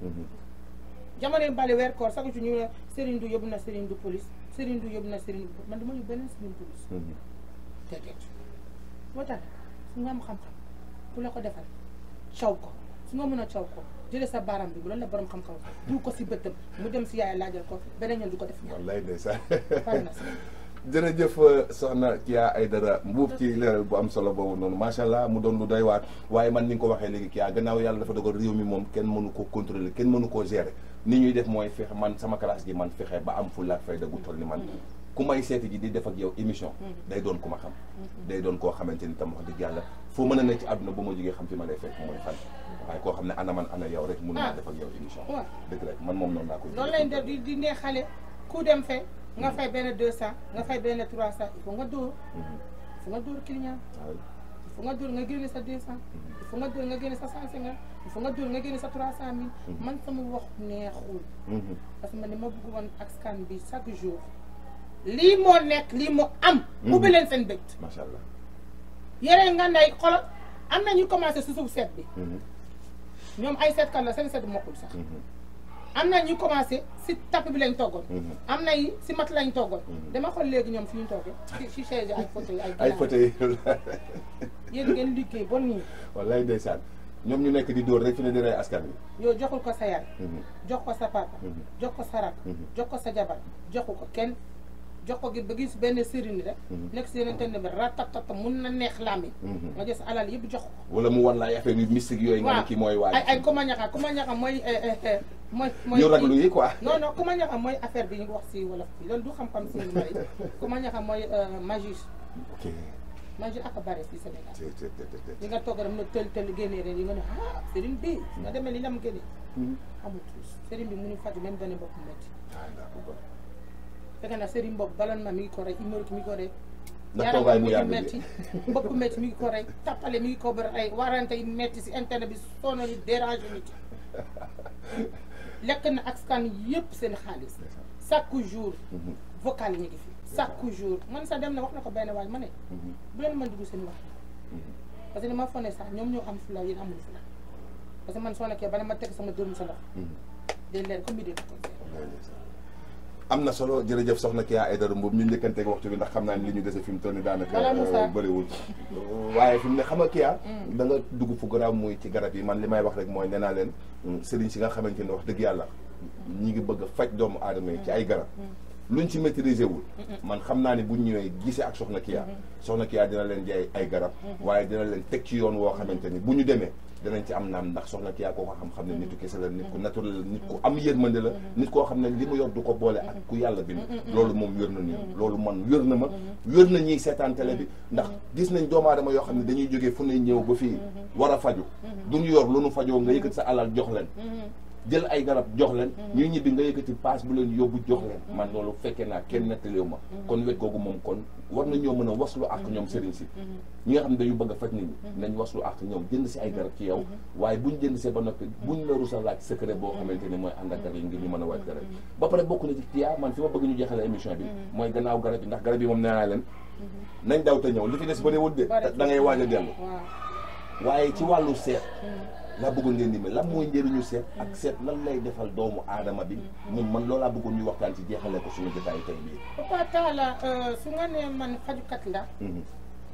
jamono bale weer sa sax ci ñu ne Serigne du yóbbu na Serigne du police Serigne du yóbbu na Serigne du man dama yóbbu beneen Serigne police. Mm-hmm. te moo tax su nga am xam-xam ku la ko defal caw ko su nga mun a caw ko jëlee sa baaraam bi bu doon la borom xam-xam du ko si bëttam mu dem si yaay laajal ko beneen yoon du ko def. wallaay ndeysaan jërëjëf euh, soxna Kya Aidara Mbuub ci leeral bu am solo boobu noonu macha allah mu doon lu doy waar waaye ni ko waxee léegi Kya gannaaw yàlla dafa dogal réew mi moom kenn mënu ko contrôler kenn mënu koo gérer. ni ñuy def mooy fexe man sama classe gi man fexe ba am fu ak fayda gu toll ni man ku may seeti ji di def ak yow émission mm-hmm. day doon ku ma xam mm-hmm. day doon koo xamante ni tam wax dëgg yàlla foo mën a nekk ci àdduna ba ma jógee xam fi ma lay fekk mooy fan waaye koo xam ne ana man ana yow rek mun naa ah. def ak yow émission dëgg rek man moom noonu laa koy loolu lañ def di di ne xale ku dem fe nga mm-hmm. fay benn deux cent nga fay benn trois cent il nga dóor il faut nga dóor client ah fu nga dóor nga génne sa 200 fu nga jur nga génne sa 150 fu nga jur nga génne sa 300000. Mhm. man sama wax neexul. Mhm. parce que man ne ma dama bëgg woon askan bi chaque jour. lii moo nekk lii moo am. Mhm. ubbi leen seen bet macha allah yore nga nay xolo am na ñu commencé su suuf set bi. ñoom ay seetkat la seen seet mokkul sax. am na ñu commencé si tapp bi lañ toggoon. Mhm. am na yi si mat lañ toggoon. Mhm. dama xool léegi ñoom fi ñu toogee. si chaise ay photo yi ay photo yi yéen ngeen liggéey bon nii. wallaay ndeysaan ñoom ñu nekk di dóor rek fi ne di rey bi yow joxul ko sa yar. Mhm. jox ko sa papa. jox ko sa rak. jox ko sa jabar joxu ko kenn. jox ko ngir ba gis benn sëriñ rek. Mhm. nekk si yeneen tënd bi ratatata mun na neex laami. nga mhm. jël sa alal yëpp jox ko. wala mu wan laay affaire yu mystique yooyu. nga ne kii mooy waay ay ay kumañaxa kumañaxa eh, eh, eh, mooy. mooy mooy ñu raglu yi quoi. non mooy affaire bi ñu wax si wolof bi loolu du xam-xam si lu mooy euh, magie. ok magie ak bare si Sénégal. te te nga toog rek mu ne tël tël génnee ren yi nga ne ah sëriñ bi. nga mhm. demee li lam génne. amul tuus sëriñ bi mënu faj même benn bopp métti. Ah, fekk na sëriñ Mbob balan ma mi ngi ko rey imarit mi ngi ko rey. ndax toogaay mu yàgg metti mbopp metti mi ngi ko rey tappale mi ngi ko rey warante yi metti si internet bi sonal dérange nit lekk na ak scan yëpp seen xaalis chaque jour mhm. vocal ñu ngi fi chaque jour man sax dem na wax na ko benn waay ma ne mhm. bu leen mën dugg seen wax mhm. parce que dama fone sax ñoom ñoo am fula yéen amul fula parce que man soo nekkee ba ne ma teg sama dërëm sa loxo day leer comme bi dee ko am na solo jërëjëf soxna Kya Aïdara Mboup ñu njëkkanteeg waxtu bi ndax xam naa ni li ñu dese fi mu toll nii daanaka euh, bëriwul waaye fi ne xam nga Kya mm. da nga dugg fu garaaw muy ci garab yi man li may wax rek mooy nee naa leen mm, sëriñ si nga xamante ni wax dëgg yàlla ñi ngi bëgg a faj doomu aadama yi ci ay garab mm. luñ ci maîtriser wul man xam naa ni buñ ñëwee gisee ak soxna Kya mm-hmm. soxna Kya dina leen jaay ay garab mm-hmm. waaye dina leen teg ci yoon woo xamante ni bu ñu demee danañ ci am naam ndax soxla Kya koo ko xam-xam ne mm-hmm. nitu kese la nit ku mm-hmm. naturel la nit ku am yërmande la mm-hmm. nit koo xam ne li ma yor du ko boole ak ku yàlla bi bind loolu moom wér na ñu loolu man wér na ma wér na ñiy seetaan télé bi ndax gis nañ doomu aadama yoo xam ne dañuy jógee fu ne ñëw ba fii war a faju duñu yor lu nu fajoo nga yëkkat sa alal jox leen jël ay garab jox leen. Mm. ñuy ñibbi nga yëkkati paas bu leen yóbbu jox leen. Mm. man loolu fekkee naa kenn nettaliwu ma. Mm. kon wet googu moom kon war ñoo mën a waslu ak ñoom sëriñ si. ñi nga xam ne dañu bëgg a faj nit ñi. nañ waslu ak ñoom jënd si ay garab ci yow. Mm-hmm. waaye buñ jënd see ba noppi mm-hmm. buñ la rusa laaj secret boo xamante ne mooy ànd ak garab yi ngir ñu mën a waaj garab yi. Mm-hmm. ba pare bokk na ci tiyaa man fi ma bëgg ñu jeexale émission bi. mooy gannaaw garab yi ndax garab yi moom nee naa leen. nañ daw te ñëw li fi des ba ne wut de da a dellu waaye ci wàllu seet laa bëggoon ngeen di mel lan mooy njëriñu seet ak seet lan lay defal doomu aadama bi moom man laa bëggoon ñu waxtaan ci jeexale ko suñu jotaay tey bii. papa Talla euh, su nga nee man fajukat la. Mhm.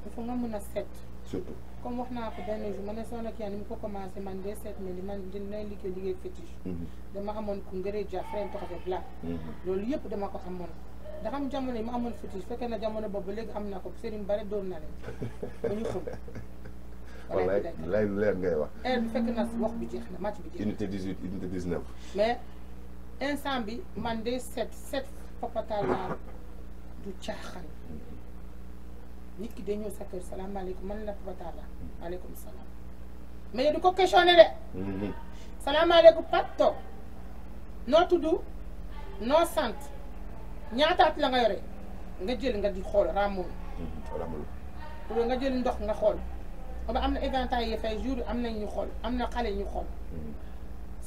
dafa nga mën a seet. surtout comme wax naa ko benn jour ma ne soo nekk yaa mu ko commencé man de seet mel ni man dinañ liggéey liggéey fétiche. Mhm. dama amoon ku ngëree ja frère Toxafe Blanc. Mhm. loolu yëpp dama ko amoon. da daxam jamono yi ma amoon fétiche fekkee na jamono boobu léegi am na ko sëriñ bare doon na leen wallaay lay lu leer ngay wax. heure eh, bi fekk na wax bi jeex na match bi jeex na. mais instant bi man de set set Papatar laa du caaxaan nit ki day ñëw sa kër salaamaaleykum man na Papatar laa maaleykum salaam mais du ko questionné de. Mhm. salaamaaleykum Pato noo tudd noo sant ñaataat la nga yore nga jël nga di xool ràmmul. Mhm, ràmmul. nga jël ndox nga xool. ba am na éventail yi tey jour am nañ ñu xool am na xale ñu xool hmm.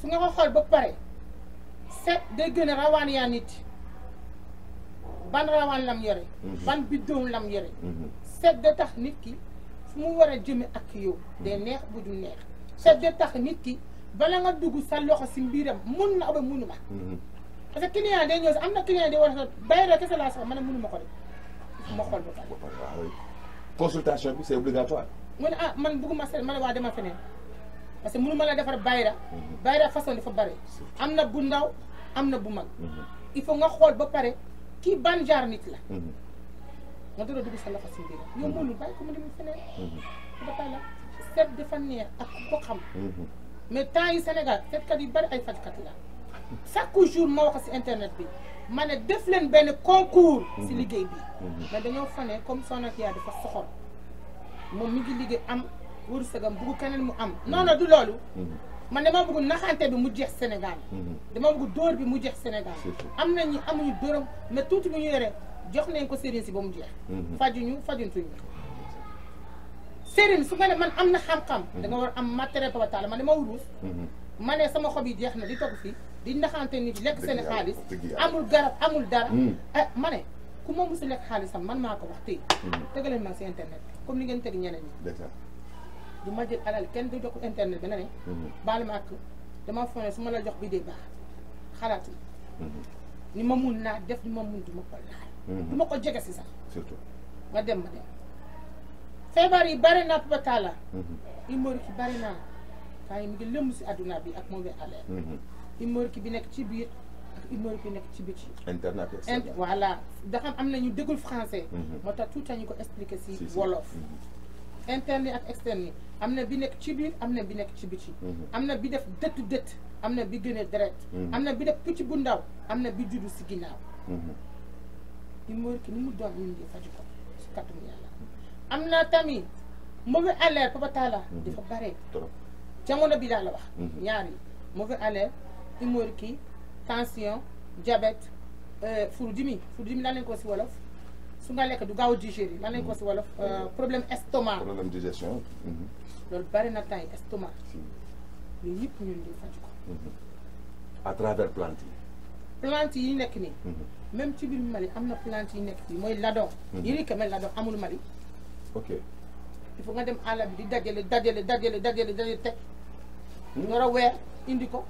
su nga ko xool ba pare set day gën a rawaan yaa nit ban rawaan lam yore hmm. ban biddoom lam yore hmm. set da tax nit ki fu mu war a jëme ak yow day neex bu du neex set da tax nit ki bala nga dugg sa loxo si mbiram mun na ba munuma parce que client day ñëw si am na client day war a bay rek kese laa soxla ma ne munuma ko def ma xool ba pare consultation bi c'est obligatoire mu ne ah man bëgguma seen man ne waa dama feneen parce que mënu ma la defar bayra mhm. bayra façon dafa bare am na bu ndaw am na bu mag mhm. il faut nga xool ba pare kii ban jaar nit la mhm. nga door a dugg sa loxo si mbir yow mënul bàyyi ko ko xam mais temps yi Sénégal seetkat yu ay fajkat la chaque jour ma wax si internet bi ma ne def leen benn concours si liggéey bi mais dañoo fane comme Sonatel dafa soxor moom mi ngi liggéey am wërsëgam bugg keneen mu am non non du loolu mhm. man dama bëgg naxante bi mu jeex Sénégal mhm. dama bëgg dool bi mu jeex Sénégal am na ñi amuñu dërëm tuuti bu ñu yore jox nañ ko sëriñ si ba mu jeex mhm. fajuñu fajuntuñu sëriñ su nga ne man am na xam-xam da nga war matériel papa taala man dama wuruus ma sama xob yi jeex na di toog fii di naxante nit lekk seen xaalis amul garab amul dara eh, ma ne ku ma si lekk xaalisam man maa ko wax tey leen ma si internet comme li ngeen teg ñeneen ñi. du ma jël alal kenn du jox ko internet bi na ne. Mhm. baal ak dama foog ne su ma la jox bi dee baax xalaat mhm. ni ma mun naa def ni ma mun du ma ko laal. Mhm. du ko jege si sax. surtout ma dem ma dem. feebar yi bari na ba taala. humeur ki bari naa temps yi mu ngi lëmm si àdduna bi ak mauvais alerte. humeur ki bi nekk ci biir. ak immeuble bi nekk ci biti. internet et voilà dafa am na ñu déggul français. Mhm. moo tax tout ñu ko expliquer si wolof. Mhm. interne ak externe am na bi nekk ci biir am na bi nekk ci biti. Mhm. am na bi def dëtt dëtt am na bi gën a deret. am na bi def picc bu ndaw am na bi juddu si ginnaaw. immeuble ki ni mu doon ñun di faj ko si kàttum yàlla. am na tamit mauvais alerte Papa Talla. dafa bare. jamono bi daal la wax. ñaar yi mauvais alerte immeuble ki tension diabète euh, fourdimi fourdimi lan lañ ko si wolof su nga lekk du gaaw a digérer lan lañ ko si wolof euh, mm-hmm. problème estomac problème digestion mm-hmm. loolu bari na temps yi estomac yooyu yëpp ñun di faj ko mm-hmm. à travers plante yi plante yi nekk nii même ci biir Mali am na plante yi nekk fii mooy ladon yëri ka mel ladon amul Mali ok il faut nga dem àll bi di dajale dajale dajale dajale dajale teg hmm? nga war a weer indi ko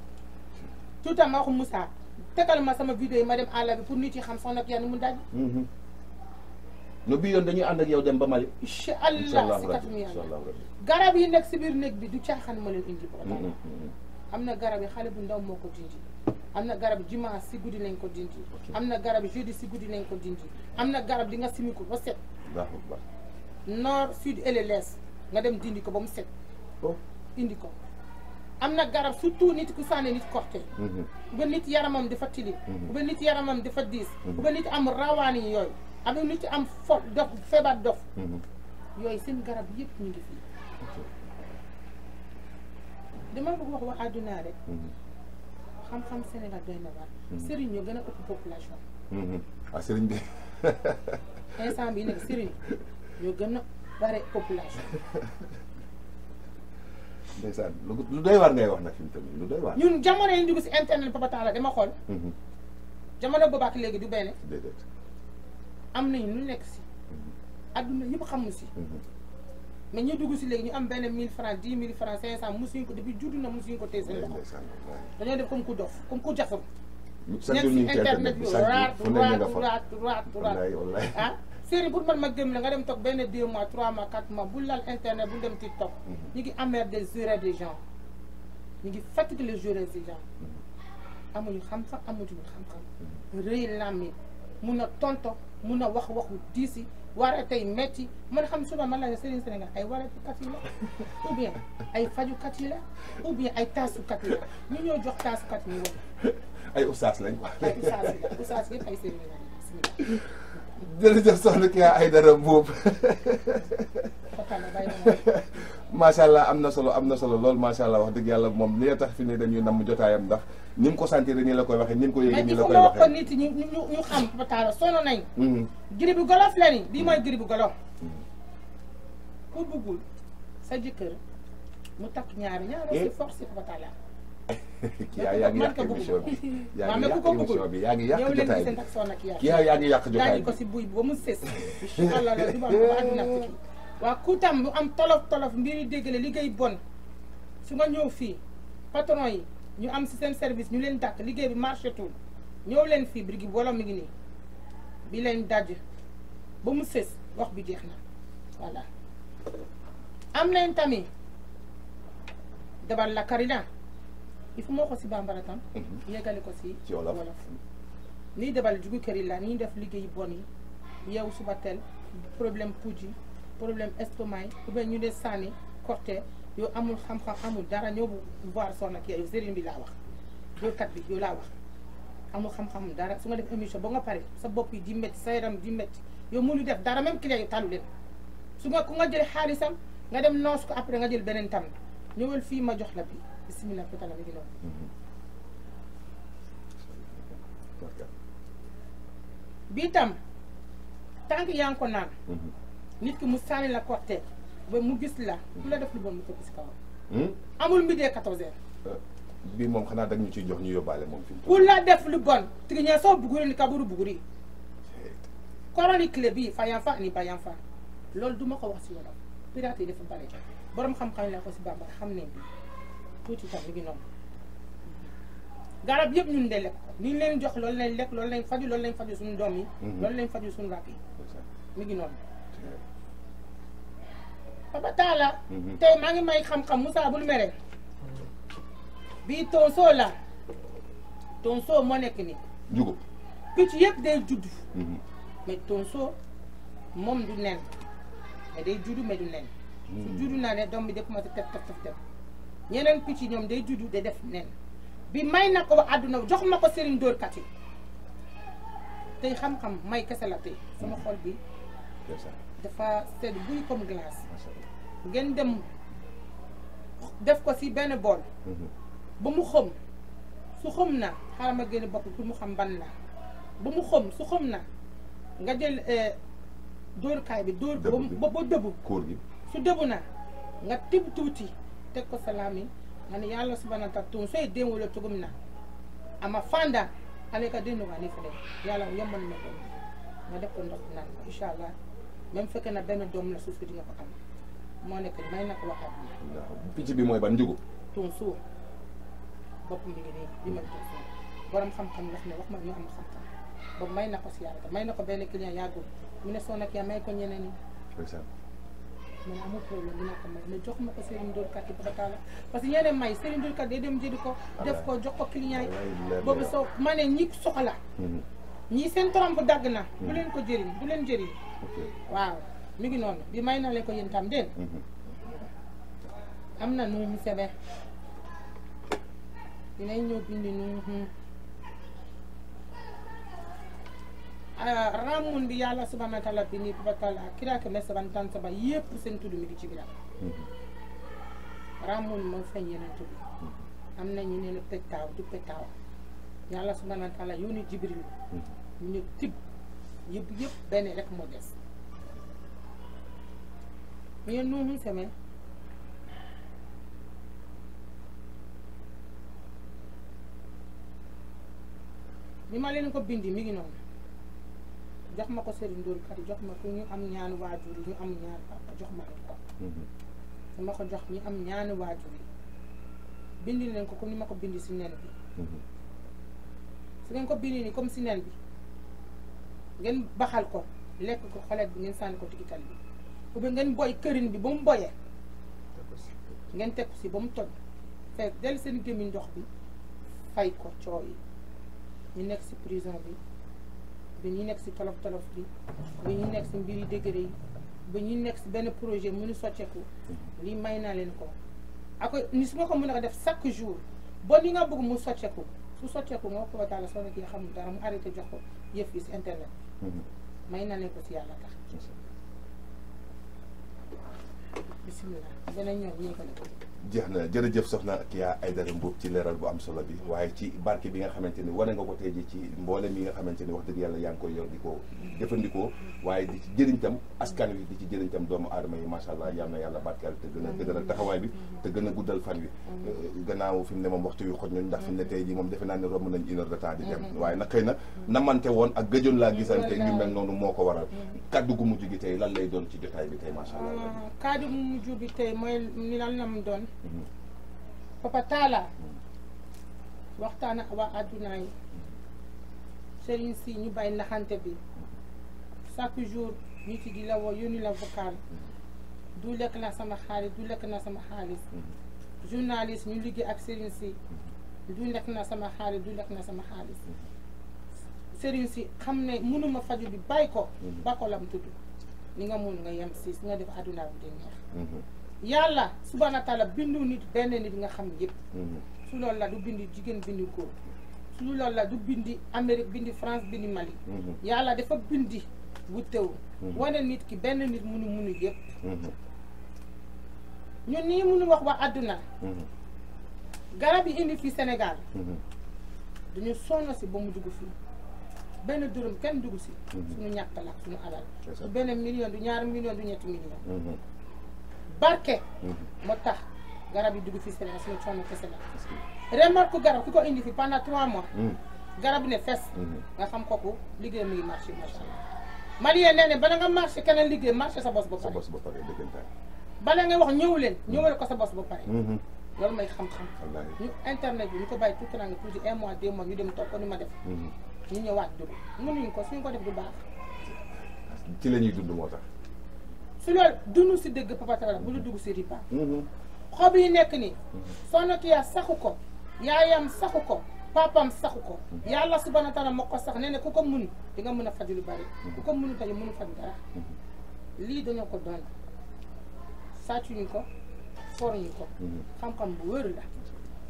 tout le temps ma waxu Moussa tegal ma sama vidéo yi ma dem àll bi pour nit yi xam soxna ak yàlla mu daj. Mhm. no bii yoon dañuy ànd ak yow dem ba Mali. incha allah si kàttanu yàlla garab yi nekk si biir néeg bi du caaxaan ma leen indi. Mhm, mhm. am na garab yi xale bu ndaw moo ko dindi. am na garab dimanche si guddi lañ ko dindi. am na garab jeudi si guddi lañ ko dindi. am na garab di nga simi ko ba set. nord sud et nga dem dindi ko ba mu set. Oh. indi ko. am na garab surtout nit ku sànni nit korte mhm. ba nit yaramam dafa tilim mhm. ba nit yaramam dafa diis mhm. ba nit am rawaan yi yooyu am nit am fo dof feebar dof yooyu seen garab yëpp ñu ngi fii dama bëgg wax waa àdduna rek xam-xam Sénégal doy na waar sëriñ ñoo gën a ëpp population ah sëriñ bi instant bi nag sëriñ ñoo gën a bare population ndeysaan lu doy waar ngay wax nag fi tamit lu doy waar. ñun jamono yi ñu dugg si internet Papa Talla dama xool. Mhm. jamono boobu léegi du benn. déedéet. am nañu lu nekk si. Mhm. adduna yëpp xamu si. Mhm. mais ñu dugg si léegi ñu am benn 1000 francs 10 000 francs 500 mosuñu ko depuis juddu na mosuñu ko téye seen loxo. dañoo def comme ku dof comme ku jaxaru. nekk si internet bi raat raat raat raat ah. série pour man ma gëm la nga dem toog benn deux mois trois mois quatre mois bu lal internet bu dem TikTok mhm. ñu ngi amer des jurés des gens ñu ngi fatigué les jurés des gens mhm. amuñu xam-xam amuñu xam-xam mhm. rëy làmmiñ mun a tonto mun na wax waxu diisi war a tey metti man xam suba man la Serigne Sénégal ay waratukat yi la ou bien ay fajukat yi la ou bien ay taasukat yi la ñu ñoo jox taasukat yi woon ay ustaas lañ quoi ay ustaas yi la ustaas yëpp ay Serigne la jërëjëf soxna ki ay dara boobu macha allah am na solo am na solo lool macha allah wax dëgg yàlla moom li tax fi ne dañuy namm jotaayam ndax ni mu ko sentir nii la koy waxee ni mu ko yëgee nii la koy waxee nit ñi ñu ñu xam Pataara sonn nañ mm-hmm. grippe bu golof la ni lii mooy grippe bu golof ku buggul sa jëkkër mu takk ñaari ñaari eh? si force Pataara yaa ngi yàq émission bi yaa ngi yàq émission bi yaa ngi yàq jotaay bi yaa ngi yàq jotaay bi ko si buy ba mu sës allah la duba ba àddina tukki waa ku tam bu am tolof tolof mbir yi déggale liggéey bon su nga ñëw fii patron yi ñu am si seen service ñu leen dàq liggéey bi marché tul ñëw leen fii birigi wala mi ngi nii bi leen daj ba mu sës wax bi jeex na voilà am nañ tamit dabal la karina il faut moo ko si bambara tam. Mhm. yeggale ko si. ci wolof nii demal jugu kër yi la nii def liggéey bon yi yeewu suba teel problème puuj problème estomac yi ou ñu ne sànni corté yow amul xam-xam amul dara ñëw bu voir son ak yow sëriñ bi laa wax yow kat bi yow laa wax amul xam-xam dara su nga def émission ba nga pare sa bopp yi di métti sa yaram di métti yow mënu def dara même client yi tàllu leen su nga ku nga jël xaalisam nga dem noos ko après nga jël beneen tam ñëwal fii ma jox la bi bisimilah ku tala bi di lool bii tam tànk yaa ngi ko naan nit ki mu sànni la corté ba mu gis la ku la def lu bon mu tëb si kawam hmm? amul midi quatorze heures euh, bii moom xanaa dañu ciy jox ñu yóbbaale moom ku la def lu bon tigi ñee soo buguri ni kaburu buguri koroni clé bii fayan fa ni bayan fa loolu duma ko wax si wolof pirate yi dafa bare borom xam-xam la ko si bambara xam ne bi tuuti sax bi gi noonu garab yëpp ñun de lekk li leen jox loolu lañ lekk loolu lañ faju loolu lañ faju suñu doom yi mhm. loolu lañ faju suñu rakk yi mi ngi noonu papa taala mhm. tey maa ngi may xam-xam Moussa bul mere bii tonso la tonso moo nekk nii jugo picc yëpp day judd mhm. moom du nen mais day judd mais du nen su judd naa ne doom bi day commencé tef tef tef tef ñeneen picc ñoom day juddu day def nen bi may na ko àdduna jox ma ko sëriñ dóorkat yi tey xam-xam may kese la tey sama xol bi dafa sedd buy comme glace ngeen dem def ko si benn bool mhm. ba mu xom su xëm na xaaral ma génn bokk pour mu xam ban la ba mu xëm su xëm na nga jël euh, dóorkaay bi dóor ba ba dëbb su dëbb na nga tib tuuti teg ko sa laamin ngani yallah subahana taala toon so e denwolo togum na ama fanda alay ka denndogani fele yallah o yommanima def ko doknan inchallah même fekke na benn doom la suuf moo nekk bi mooy ban njugu toon suur bopp may na ko si yàlla may na ko benn client yàggul mu ne soo nag yaa may ko ñeneen ñi man amul problème dina ko may mais jox ma ko Serigne Dóorkat yi ba parce que ñeneen may Serigne Dóorkat day dem jëli ko def ko jox ko client yi boobu soo ma ne ñi soxla hmm. ñii seen trompe dagg na bu hmm. leen ko jëriñ bu leen jëriñ waaw mu ngi noonu bi may na leen ko yéen tam dégg hmm. am na nuuxu sebe dinañ ñëw bindi nuuxu Ah, ramundi yala yàlla wa ta'ala bini batala kira ke mesa saba ye percent tudu mi ci bila mhm. ramun mo fen yena tudu mhm. amna ñu neena pettaw du pettaw yalla subhanahu wa ta'ala yoni jibril ñu mhm. ne tib yëpp yëpp benn rek moo des mais nuuxum semaine bi ma leen ko bindi mi ngi noonu jox ma ko Serigne Ndour Kati jox ma ko ñu am ñaanu waajur yi ñu am ñaanu papa jox ma ko. Mhm. jox ñu am ñaanu waajur yi bindi leen ko comme ni ma ko bindi si nen bi. Mhm. su ngeen ko bindi nii comme si nen bi ngeen baxal ko lekk ko xolet bi ngeen sànni ko tikital bi ou bien ngeen boy kërin bi ba mu boyee. ngeen teg ko si ba mu toj fekk del seen gémmiñ ndox bi fay ko coow yi ñu nekk si prison bi. ba ñuy nekk si tolof tolof bi ba ñuy nekk si mbiri degré yi ba ñuy nekk si benn projet mu mënu socceeku lii may naa leen ko ak ni su ma ko mun a def chaque jour ba li nga bëgg mu socceeku su socceeku nga ko taala soo nekk xamul dara mu arrêté jox ko yëf yi si internet mm-hmm. may naa leen ko si yàlla tax bisimilah dana ñëw ñu ko jeex na jërëjëf soxna Kya Aidara Mboup ci leeral bu am solo bi waaye ci barke bi nga xamante ni wane nga ko tey ji ci mboolem mi nga xamante ni wax dëgg yàlla yaa ngi koy yor di ko jëfandikoo waaye di ci jëriñ askan wi di ci jëriñ tam doomu aadama yi macha allah yal na yàlla barkeel te a dëgëral taxawaay te gën a guddal fan wi euh, gannaaw fi mu ne moom waxtu yu xoj ñun ndax fi ne tey moom defe naa ne romb nañ une heure de temps di dem mm-hmm. waaye nag xëy na namante woon ak gëjoon laa gisante ñu mel noonu moo ko waral kaddu gu mujj gi tey lan lay doon ci jotaay bi tey macha allah ah, kaddu mu mujj bi tey mooy lan Papa Talla waxtaan waa àdduna yi sëriñ si ñu bàyyi naxante bi chaque jour ñu ci di la woo yónni la vocal du lekk na sama xaalis du lekk na sama xaalis journaliste ñu liggéey ak sëriñ si du lekk na sama xaalis du lekk na sama xaalis sëriñ si xam ne mënuma faju bi bàyyi ko ba ko lam tudd li nga mun nga yem si nga def àdduna bi di neex yàlla subhaana taala bindu nit benn nit nga xam yëpp mm-hmm. su loolu la du bindi jigéen bindi góor su lool la du bindi Amérique bindi France bindi Mali mm-hmm. yàlla dafa bindi wutew mm-hmm. wane nit ki benn nit munu munu yëpp ñun nii munu wax wa àdduna garab yi indi fi Sénégal dañu sonn si ba mu dugg fii benn dërëm kenn dugg si suñu ñàkk la suñu alal du benn million du ñaari million du ñetti million barke mhm. moo tax garab yi dugg fii Sénégal suñu coono kese la remarque garab ki ko indi fi pendant trois mois mhm. garab ne fes mhm. nga xam kooku liggéey muy marché macha allah malien nee ne bala nga marché keneen liggéey marché sa bos ba pare sa bos ba pare dëggantaan bala ngay wax ñëw leen ko sa bos ba pare loolu may xam-xam ñu internet bi ñu ko bàyyi tout nanga toujours un mois deux mois ñu dem toog ni ma def ñu ñëwaat dugg ñu ko suñu ko def du baax ci la ñuy dund moo tax si loolu dunu si dëgg papatala bu lu dugg si ripa mhm. xob yi nekk ni soxna Tuya saxu ko yaayam saxu ko papam saxu ko mhm. yàlla subhanahu wa taala moo ko sax nee ne ko ko mun di nga mën a faj lu bari mhm. ko ko munu tañu mënu faj dara lii dañoo ko doon sàccuñu ko foruñu ko xam-xam bu wër la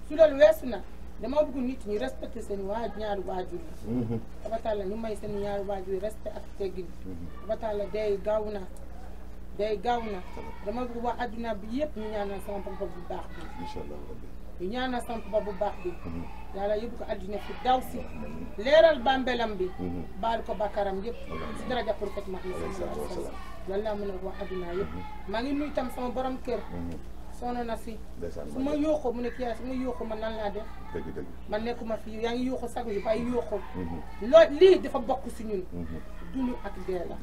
su loolu weesu na dama bëgg nit ñi respecté seen waa ñaari waajur yi tabatalla ñu may seen ñaari waajur yi respect ak teggin tabatalla day gaaw naa day gaaw na dama bëgg wax adduna bi yëpp ñu ñaanal sama papa bu baax bi. incha allah rabbi ñu bu baax bi. yàlla yóbbu ko adduna fi daw si. leeral bàmbeelam bi. baal ko bàkkaaram yëpp. si dara jàppul ko ma xam loolu laa maa ngi nuyu tam borom kër. sono na si su ma yooxoo mu ne kii yaa su ma yooxoo man nan laa def ma dëgg man nekkuma fii yaa ngi yooxoo sax yu bàyyi yooxoo mhm. loolu lii dafa bokk si ñun mhm. dund ak dee la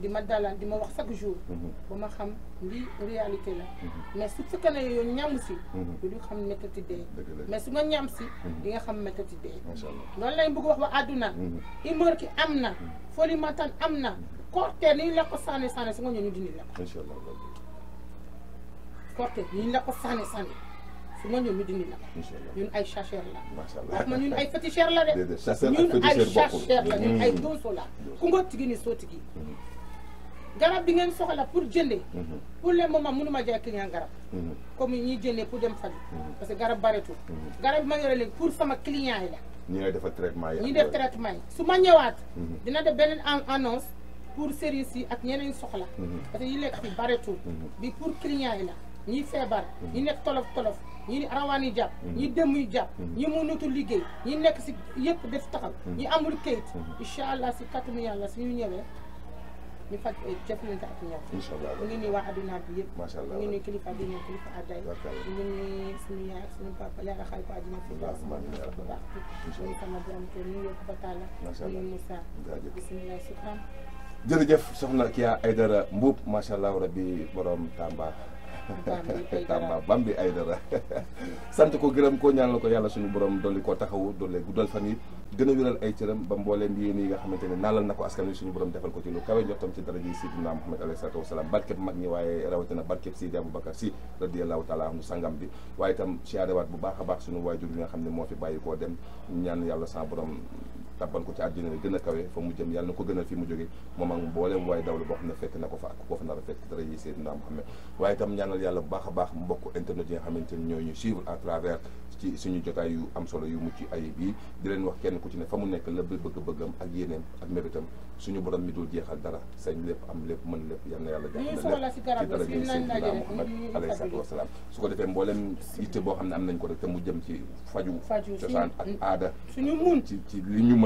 di ma dalal di ma wax chaque jour mhm. ba ma xam lii réalité la mhm. mais su fekkee ne ñam si mhm. du du xam méttati dee mais su nga ñam si di nga xam méttati dee loolu lañ bëgg wax wa àdduna humeur ki am na folie mentale am na cortège ni ñu la ko sànni sànni su nga ñëw ñu dindi la ko cortège ni ñu la ko xam nga ñun ñu dindi na ñun ay chasseur la wax ma ñun ay féticheur la de ñun ay chasseur la ñun ay mm-hmm. donso la ku nga tigi ni soo tigi mm-hmm. garab bi ngeen soxla pour jënde mm-hmm. pour le moment mënuma jaay ki ngeen garab comme ñi jëndee pour dem faju parce que garab bareetul garab bi ma yore léegi pour sama client yi la ñi traitement yi ñi def traitement yi su ma ñëwaat dina def beneen annonce pour service yi ak ñeneen soxla parce que yi lekk fi bareetul bi pour client yi la ñi feebar ñu nekk tolof tolof ñu ni rawaan jàpp ñi mm-hmm. dem yu jàpp mm-hmm. ñi mënatul liggéey ñi nekk si yëpp def taxal ñi mm-hmm. amul kayit incha allah si kàttanu yàlla suñu ñëwee ñu faj eh, jëflante ak ñoom incha allah ñu ngi nuyu waa adduna bi yëpp macha allah ñu ngi nuyu kilifa bi ñu kilifa adday ñu ngi nuyu suñu yaay suñu papa yàlla xay ko àddina si baax bu baax ñu sama borom kër ñu yóbbu ba tàlla ñu Moussa bisimilah si am jërëjëf soxna Kya Aidara Mboup macha allah rabbi borom Tamba Bambi Aïdara sant ko gërëm koo ñaanal ko yàlla suñu borom dolli koo taxawu dolli guddal fan yi gën a wéral ay cëram ba mbooleem yéen yi nga xamante ne naalal na ko askan wi suñu borom defal ko ci lu kawe jotam ci daraja yi Seydina Muhammad alayhi salaatu wasalaam barkeb mag ñi waaye rawatina barkeb Seydi Aboubacar si radiyallahu taala anu sangam bi waaye itam siyaarewaat bu baax a baax suñu waajur yi nga xam ne moo fi bàyyi koo dem ñaan yàlla sa tàbbal ko ci àddina gën a kawe fa mu jëm yàlla na ko gënal fi mu jóge moom ak mbooleem waaye dawlu boo xam ne fekk na ko fa ak koo fa nar a fekk dara yi Seydina Muhammad waaye itam ñaanal a la bëgg-bëggam ak yéeneem ak mébétam suñu borom mi dul jeexal dara sañ lépp su ko defee mbooleem yitte boo xam ne am nañ ko rek te mu jëm ci faju cosaan ak aada ci ci li ñu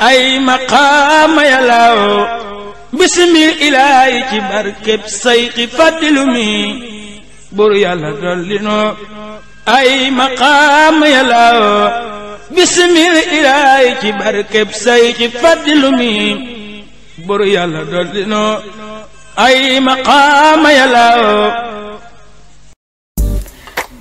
ay maqaama yalaaw bisimil ilaahi ci barkeb sayxi fàddilu mi buru yàlla dolli noo ay maqaama yalaaw bisimil ilaahi ci barkeb sayxi fàddilu mi buru yàlla dolli ay maqaama yalaaw